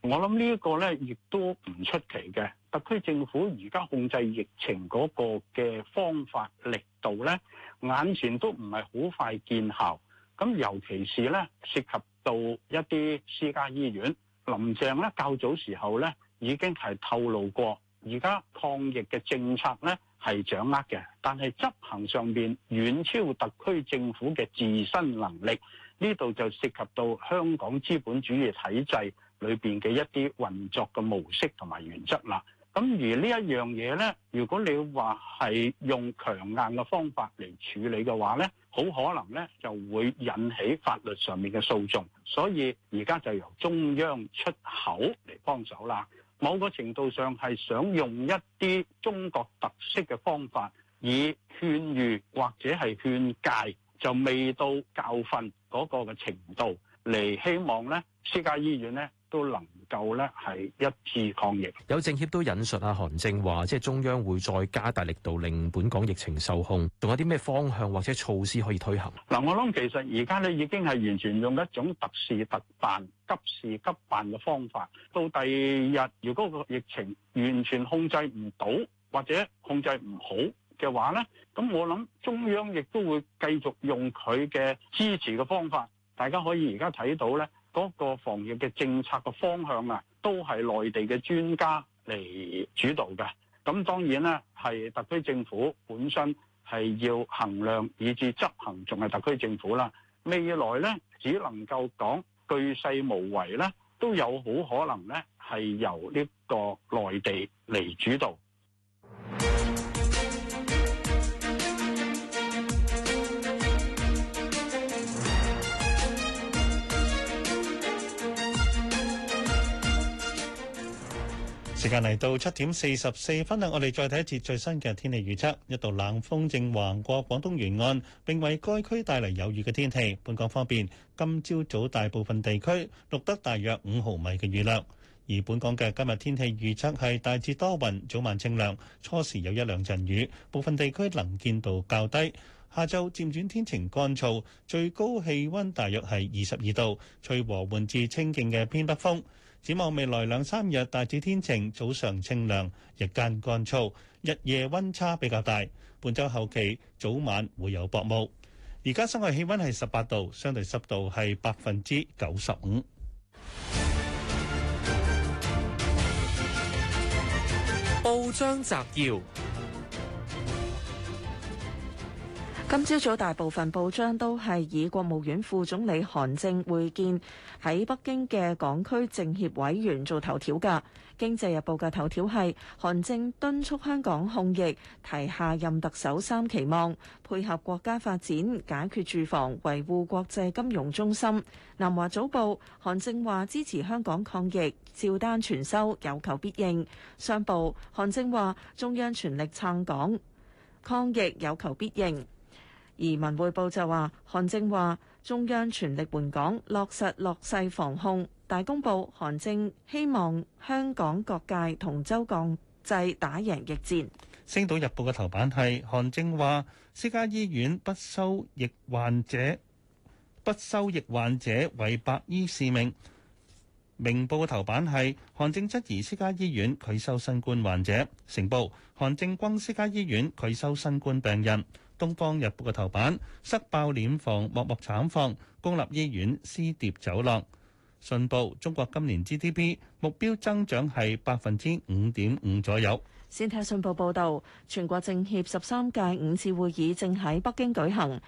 我諗呢一個咧，亦都唔出奇嘅。特區政府而家控制疫情嗰個嘅方法力度呢，眼前都唔係好快見效。咁尤其是呢，涉及到一啲私家醫院，林鄭呢較早時候呢已經係透露過，而家抗疫嘅政策呢係掌握嘅，但係執行上邊遠超特區政府嘅自身能力。呢度就涉及到香港資本主義體制裏邊嘅一啲運作嘅模式同埋原則啦。咁而呢一樣嘢呢，如果你話係用強硬嘅方法嚟處理嘅話呢，好可能呢就會引起法律上面嘅訴訟。所以而家就由中央出口嚟幫手啦。某個程度上係想用一啲中國特色嘅方法，以勸喻或者係勸戒，就未到教訓嗰個嘅程度嚟，希望呢私家醫院呢。都能夠咧，係一致抗疫。有政協都引述阿、啊、韓正話，即係中央會再加大力度令本港疫情受控，仲有啲咩方向或者措施可以推行？嗱，我諗其實而家咧已經係完全用一種特事特辦、急事急辦嘅方法。到第日，如果個疫情完全控制唔到或者控制唔好嘅話咧，咁我諗中央亦都會繼續用佢嘅支持嘅方法。大家可以而家睇到咧。嗰個防疫嘅政策嘅方向啊，都係內地嘅專家嚟主導嘅。咁當然咧，係特區政府本身係要衡量，以至執行仲係特區政府啦。未來呢，只能夠講據勢無為呢，都有好可能呢，係由呢個內地嚟主導。時間嚟到七點四十四分啦，我哋再睇一次最新嘅天氣預測。一道冷鋒正橫過廣東沿岸，並為該區帶嚟有雨嘅天氣。本港方面，今朝早，早大部分地區錄得大約五毫米嘅雨量。而本港嘅今日天氣預測係大致多雲，早晚清涼，初時有一兩陣雨，部分地區能見度較低。下晝漸轉天晴，乾燥，最高氣温大約係二十二度，吹和緩至清勁嘅偏北風。展望未來兩三日，大致天晴，早上清涼，日間乾燥，日夜温差比較大。本週後期早晚會有薄霧。而家室外氣温係十八度，相對濕度係百分之九十五。報章摘要。今朝早大部分報章都係以國務院副總理韓正會見喺北京嘅港區政協委員做頭條㗎。經濟日報嘅頭條係韓正敦促香港控疫，提下任特首三期望，配合國家發展，解決住房，維護國際金融中心。南華早報韓正話支持香港抗疫，照單全收，有求必應。商報韓正話中央全力撐港抗疫，有求必應。《文匯報》就話，韓正話中央全力援港，落實落細防控。大公報，韓正希望香港各界同舟共濟打贏疫戰。《星島日報》嘅頭版係韓正話私家醫院不收疫患者，不收疫患者為白衣使命。《明報》嘅頭版係韓正質疑私家醫院拒收新冠患者。成報，韓正轟私家醫院拒收新冠病人。《東方日報》嘅頭版，塞爆殮房幕幕慘況，公立醫院屍疊走廊。信報，中國今年 GDP 目標增長係百分之五點五左右。先睇信報報道，全國政協十三屆五次會議正喺北京舉行，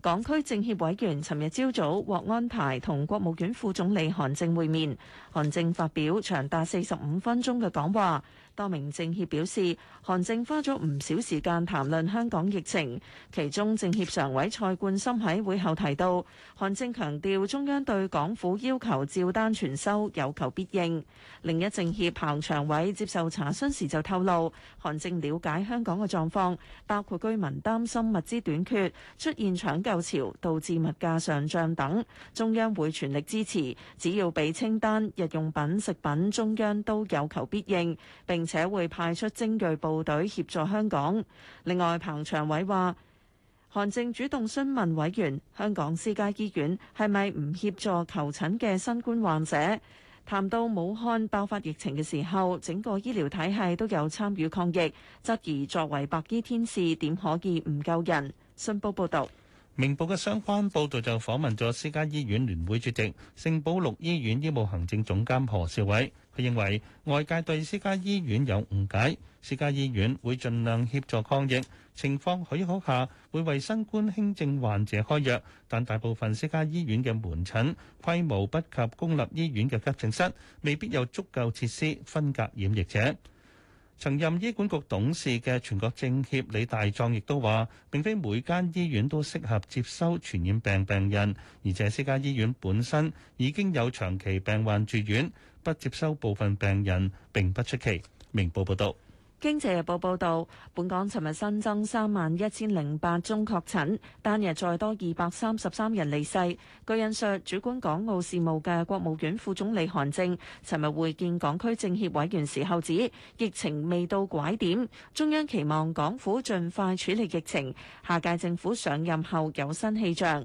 港區政協委員尋日朝早獲安排同國務院副總理韓正會面，韓正發表長達四十五分鐘嘅講話。多名政協表示，韓正花咗唔少時間談論香港疫情。其中，政協常委蔡冠森喺會後提到，韓正強調中央對港府要求照單全收，有求必應。另一政協彭長偉接受查詢時就透露，韓正了解香港嘅狀況，包括居民擔心物資短缺、出現搶購潮、導致物價上漲等，中央會全力支持，只要俾清單，日用品、食品，中央都有求必應。並並且會派出精銳部隊協助香港。另外，彭長偉話韓正主動詢問委員，香港私家醫院係咪唔協助求診嘅新冠患者？談到武漢爆發疫情嘅時候，整個醫療體系都有參與抗疫，質疑作為白衣天使點可以唔救人？信報報道，明報嘅相關報道就訪問咗私家醫院聯會主席、聖保祿醫院醫務行政總監何兆偉。佢認為外界對私家醫院有誤解，私家醫院會盡量協助抗疫，情況許可下會為新冠輕症患者開藥。但大部分私家醫院嘅門診規模不及公立醫院嘅急症室，未必有足夠設施分隔染疫者。曾任醫管局董事嘅全國政協李大壯亦都話，並非每間醫院都適合接收傳染病病人，而且私家醫院本身已經有長期病患住院。不接收部分病人並不出奇。明報報道，經濟日報報道，本港尋日新增三萬一千零八宗確診，單日再多二百三十三人離世。據引述，主管港澳事務嘅國務院副總理韓正尋日會見港區政協委員時候，指，疫情未到拐點，中央期望港府盡快處理疫情，下屆政府上任後有新氣象。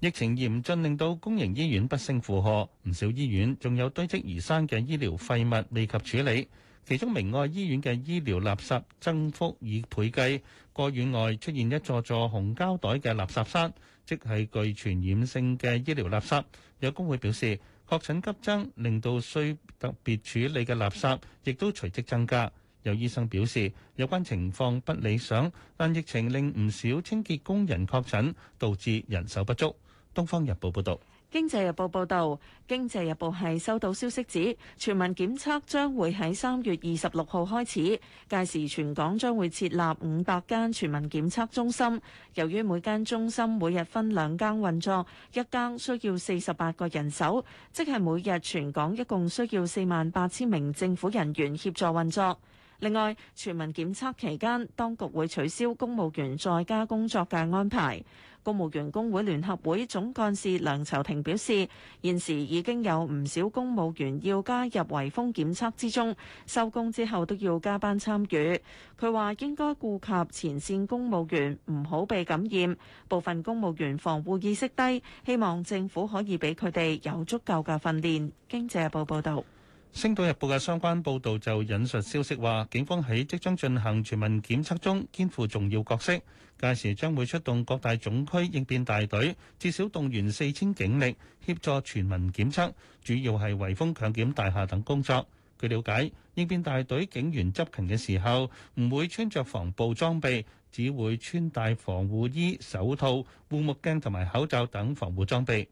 疫情嚴峻令到公營醫院不勝負荷，唔少醫院仲有堆積如山嘅醫療廢物未及處理。其中明愛醫院嘅醫療垃圾增幅以倍計，個院外出現一座座紅膠袋嘅垃圾山，即係具傳染性嘅醫療垃圾。有工會表示，確診急增令到需特別處理嘅垃圾亦都隨即增加。有醫生表示，有關情況不理想，但疫情令唔少清潔工人確診，導致人手不足。《東方日報》報道，《經濟日報》報道，《經濟日報》係收到消息指，全民檢測將會喺三月二十六號開始，屆時全港將會設立五百間全民檢測中心。由於每間中心每日分兩間運作，一間需要四十八個人手，即係每日全港一共需要四萬八千名政府人員協助運作。另外，全民檢測期間，當局會取消公務員在家工作嘅安排。公務員工會聯合會總幹事梁籌庭表示，現時已經有唔少公務員要加入圍封檢測之中，收工之後都要加班參與，佢話應該顧及前線公務員唔好被感染。部分公務員防護意識低，希望政府可以俾佢哋有足夠嘅訓練。經濟日報報道。《星島日報》嘅相關報導就引述消息話，警方喺即將進行全民檢測中，肩負重要角色，屆時將會出動各大總區應變大隊，至少動員四千警力協助全民檢測，主要係圍封強檢大廈等工作。據了解，應變大隊警員執勤嘅時候唔會穿着防暴裝備，只會穿戴防護衣、手套、護目鏡同埋口罩等防護裝備。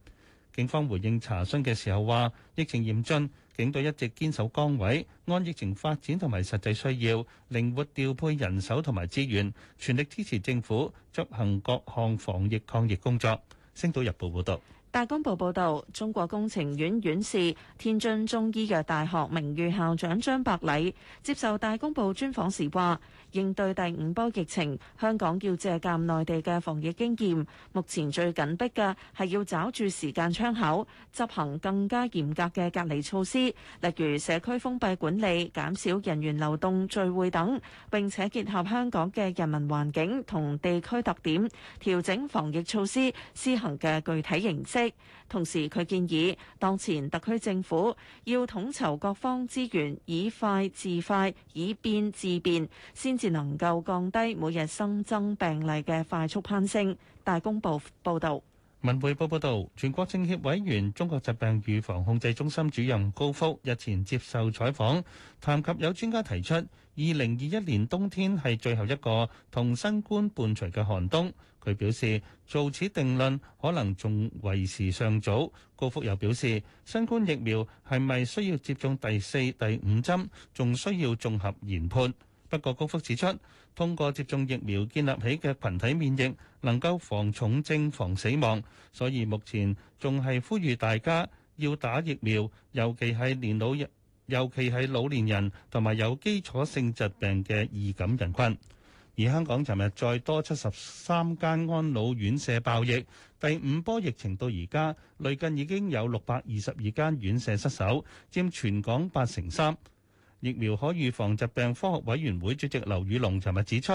警方回應查詢嘅時候話：疫情嚴峻。警隊一直堅守崗位，按疫情發展同埋實際需要，靈活調配人手同埋資源，全力支持政府執行各項防疫抗疫工作。星島日報報道。大公報報道，中國工程院院士、天津中醫藥大學名譽校長張伯禮接受大公報專訪時話。應對第五波疫情，香港要借鑑內地嘅防疫經驗。目前最緊迫嘅係要抓住時間窗口，執行更加嚴格嘅隔離措施，例如社區封閉管理、減少人員流動、聚會等。並且結合香港嘅人民環境同地區特點，調整防疫措施施行嘅具體形式。同時，佢建議當前特區政府要統籌各方資源，以快制快，以變制變，先至能夠降低每日新增病例嘅快速攀升。大公報報道，文匯報報道，全國政協委員、中國疾病預防控制中心主任高福日前接受採訪，談及有專家提出二零二一年冬天係最後一個同新冠伴隨嘅寒冬。佢表示，做此定論可能仲為時尚早。高福又表示，新冠疫苗係咪需要接種第四、第五針，仲需要綜合研判。不過，高福指出，通過接種疫苗建立起嘅群體免疫，能夠防重症、防死亡，所以目前仲係呼籲大家要打疫苗，尤其係年老、尤其係老年人同埋有基礎性疾病嘅易感人群。而香港尋日再多七十三間安老院舍爆疫，第五波疫情到而家累近已經有六百二十二間院舍失守，佔全港八成三。疫苗可預防疾病科學委員會主席劉宇龍尋日指出，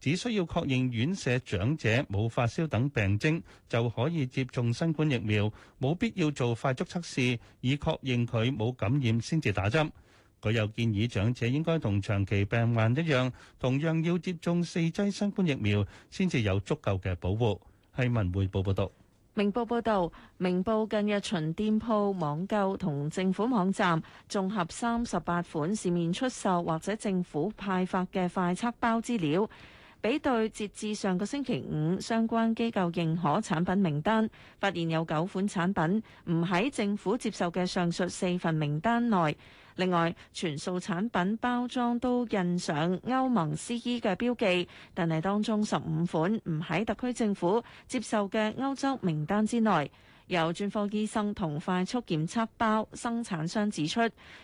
只需要確認院舍長者冇發燒等病徵，就可以接種新冠疫苗，冇必要做快速測試，以確認佢冇感染先至打針。佢又建議長者應該同長期病患一樣，同樣要接種四劑新冠疫苗，先至有足夠嘅保護。係文匯報報道。明報報導，明報近日巡店鋪、網購同政府網站，綜合三十八款市面出售或者政府派發嘅快測包資料，比對截至上個星期五相關機構認可產品名單，發現有九款產品唔喺政府接受嘅上述四份名單內。另外，全數產品包裝都印上歐盟 CE 嘅標記，但係當中十五款唔喺特區政府接受嘅歐洲名單之內。有專科醫生同快速檢測包生產商指出，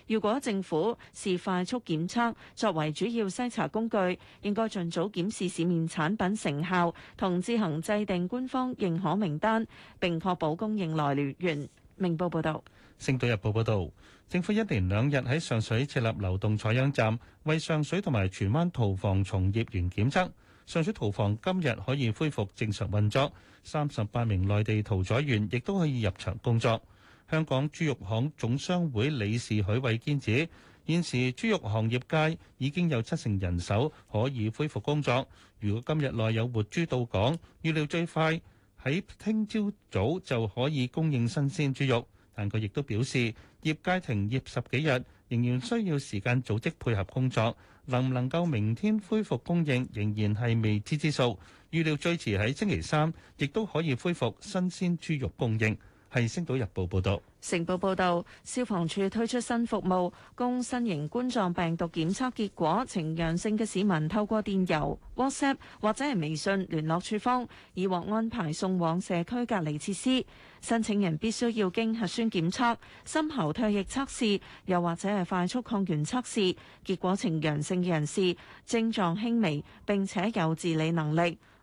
如果政府視快速檢測作為主要篩查工具，應該儘早檢視市面產品成效，同自行制定官方認可名單，並確保供應來源。明報報道。《星島日報》報導。政府一連兩日喺上水設立流動採樣站，為上水同埋荃灣屠房從業員檢測。上水屠房今日可以恢復正常運作，三十八名內地屠宰員亦都可以入場工作。香港豬肉行總商會理事許偉堅指，現時豬肉行業界已經有七成人手可以恢復工作。如果今日內有活豬到港，預料最快喺聽朝早就可以供應新鮮豬肉。但佢亦都表示：業界停業十幾日，仍然需要時間組織配合工作，能唔能夠明天恢復供應，仍然係未知之數。預料最遲喺星期三，亦都可以恢復新鮮豬肉供應。係《星島日報》報道。成報報道，消防處推出新服務，供新型冠狀病毒檢測結果呈陽性嘅市民透過電郵、WhatsApp 或者係微信聯絡處方，以獲安排送往社區隔離設施。申請人必須要經核酸檢測、深喉唾液測試，又或者係快速抗原測試，結果呈陽性嘅人士，症狀輕微並且有自理能力。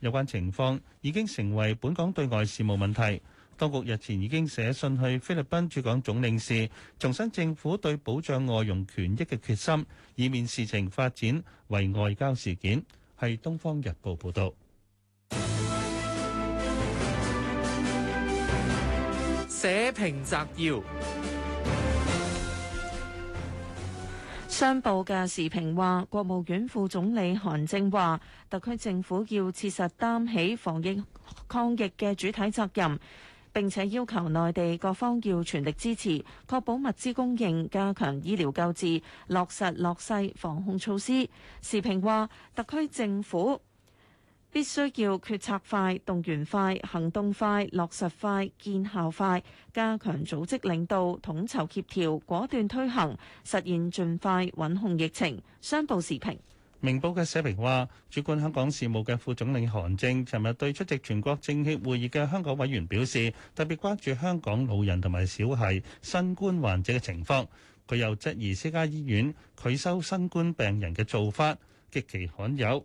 有關情況已經成為本港對外事務問題，當局日前已經寫信去菲律賓駐港總領事，重申政府對保障外傭權益嘅決心，以免事情發展為外交事件。係《東方日報，報道》報導。社評摘要。商報嘅時評話，國務院副總理韓正話，特區政府要切實擔起防疫抗疫嘅主體責任，並且要求內地各方要全力支持，確保物資供應，加強醫療救治，落實落細防控措施。時評話，特區政府，必須要決策快、動員快、行動快、落實快、見效快，加強組織領導、統籌協調、果斷推行，實現盡快穩控疫情。商報社評。明報嘅社評話，主管香港事務嘅副總理韓正，尋日對出席全國政協會議嘅香港委員表示，特別關注香港老人同埋小孩新冠患者嘅情況。佢又質疑私家醫院拒收新冠病人嘅做法極其罕有。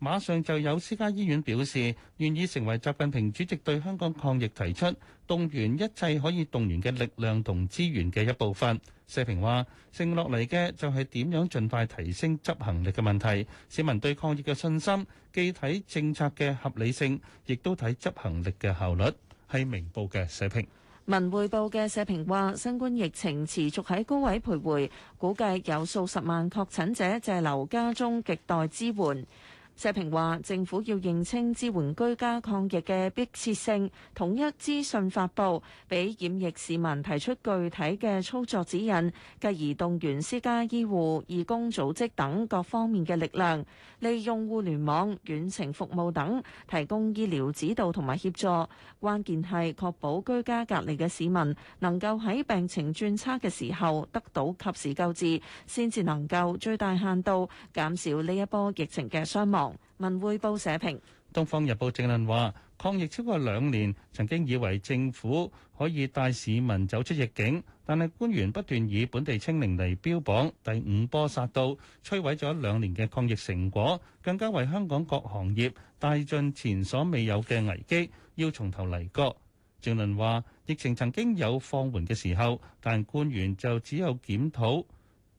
馬上就有私家醫院表示願意成為習近平主席對香港抗疫提出動員一切可以動員嘅力量同資源嘅一部分。社評話：剩落嚟嘅就係點樣盡快提升執行力嘅問題。市民對抗疫嘅信心，既睇政策嘅合理性，亦都睇執行力嘅效率。係明報嘅社評。文匯報嘅社評話：新冠疫情持續喺高位徘徊，估計有數十萬確診者滯留家中，極待支援。社評話：政府要認清支援居家抗疫嘅迫切性，統一資訊發布，俾檢疫市民提出具體嘅操作指引，繼而動員私家醫護、義工組織等各方面嘅力量，利用互聯網、遠程服務等提供醫療指導同埋協助。關鍵係確保居家隔離嘅市民能夠喺病情轉差嘅時候得到及時救治，先至能夠最大限度減少呢一波疫情嘅傷亡。文匯報社評：東方日報正論話，抗疫超過兩年，曾經以為政府可以帶市民走出逆境，但係官員不斷以本地清零嚟標榜，第五波殺到，摧毀咗兩年嘅抗疫成果，更加為香港各行業帶進前所未有嘅危機，要從頭嚟過。正論話，疫情曾經有放緩嘅時候，但官員就只有檢討。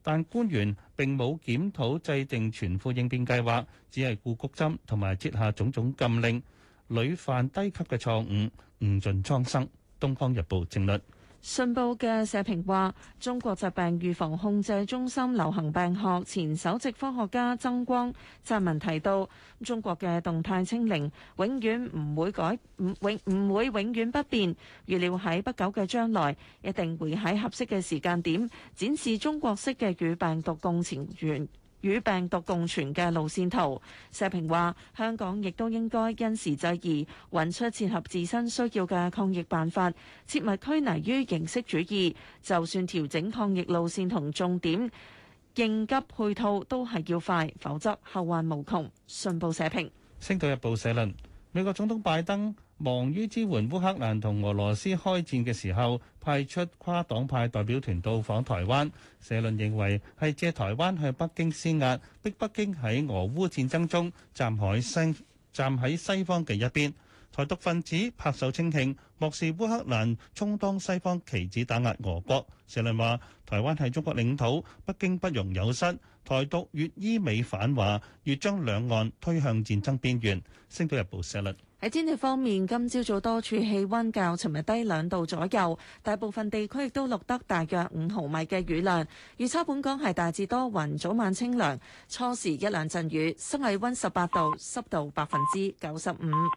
但官員並冇檢討制定全副應變計劃，只係顧谷針同埋設下種種禁令，屢犯低級嘅錯誤，誤盡蒼生。《東方日報》政論。信報嘅社評話：中國疾病預防控制中心流行病學前首席科學家曾光撰文提到，中國嘅動態清零永遠唔會改，嗯、永唔會永遠不變。預料喺不久嘅將來，一定會喺合適嘅時間點展示中國式嘅與病毒共存願。與病毒共存嘅路線圖，社評話香港亦都應該因時制宜，揾出切合自身需要嘅抗疫辦法，切勿拘泥於形式主義。就算調整抗疫路線同重點，應急配套都係要快，否則後患無窮。信報社評，《星島日報》社論：美國總統拜登，忙於支援烏克蘭同俄羅斯開戰嘅時候，派出跨黨派代表團到訪台灣，社論認為係借台灣向北京施壓，逼北京喺俄烏戰爭中站海西站喺西方嘅一邊，台獨分子拍手稱慶，漠視烏克蘭充當西方棋子打壓俄國。社論話台灣係中國領土，北京不容有失。台獨越依美反華，越將兩岸推向戰爭邊緣。星島日報社論。喺天氣方面，今朝早多處氣溫較尋日低兩度左右，大部分地區亦都錄得大約五毫米嘅雨量。預測本港係大致多雲，早晚清涼，初時一兩陣雨。室氣溫十八度，濕度百分之九十五。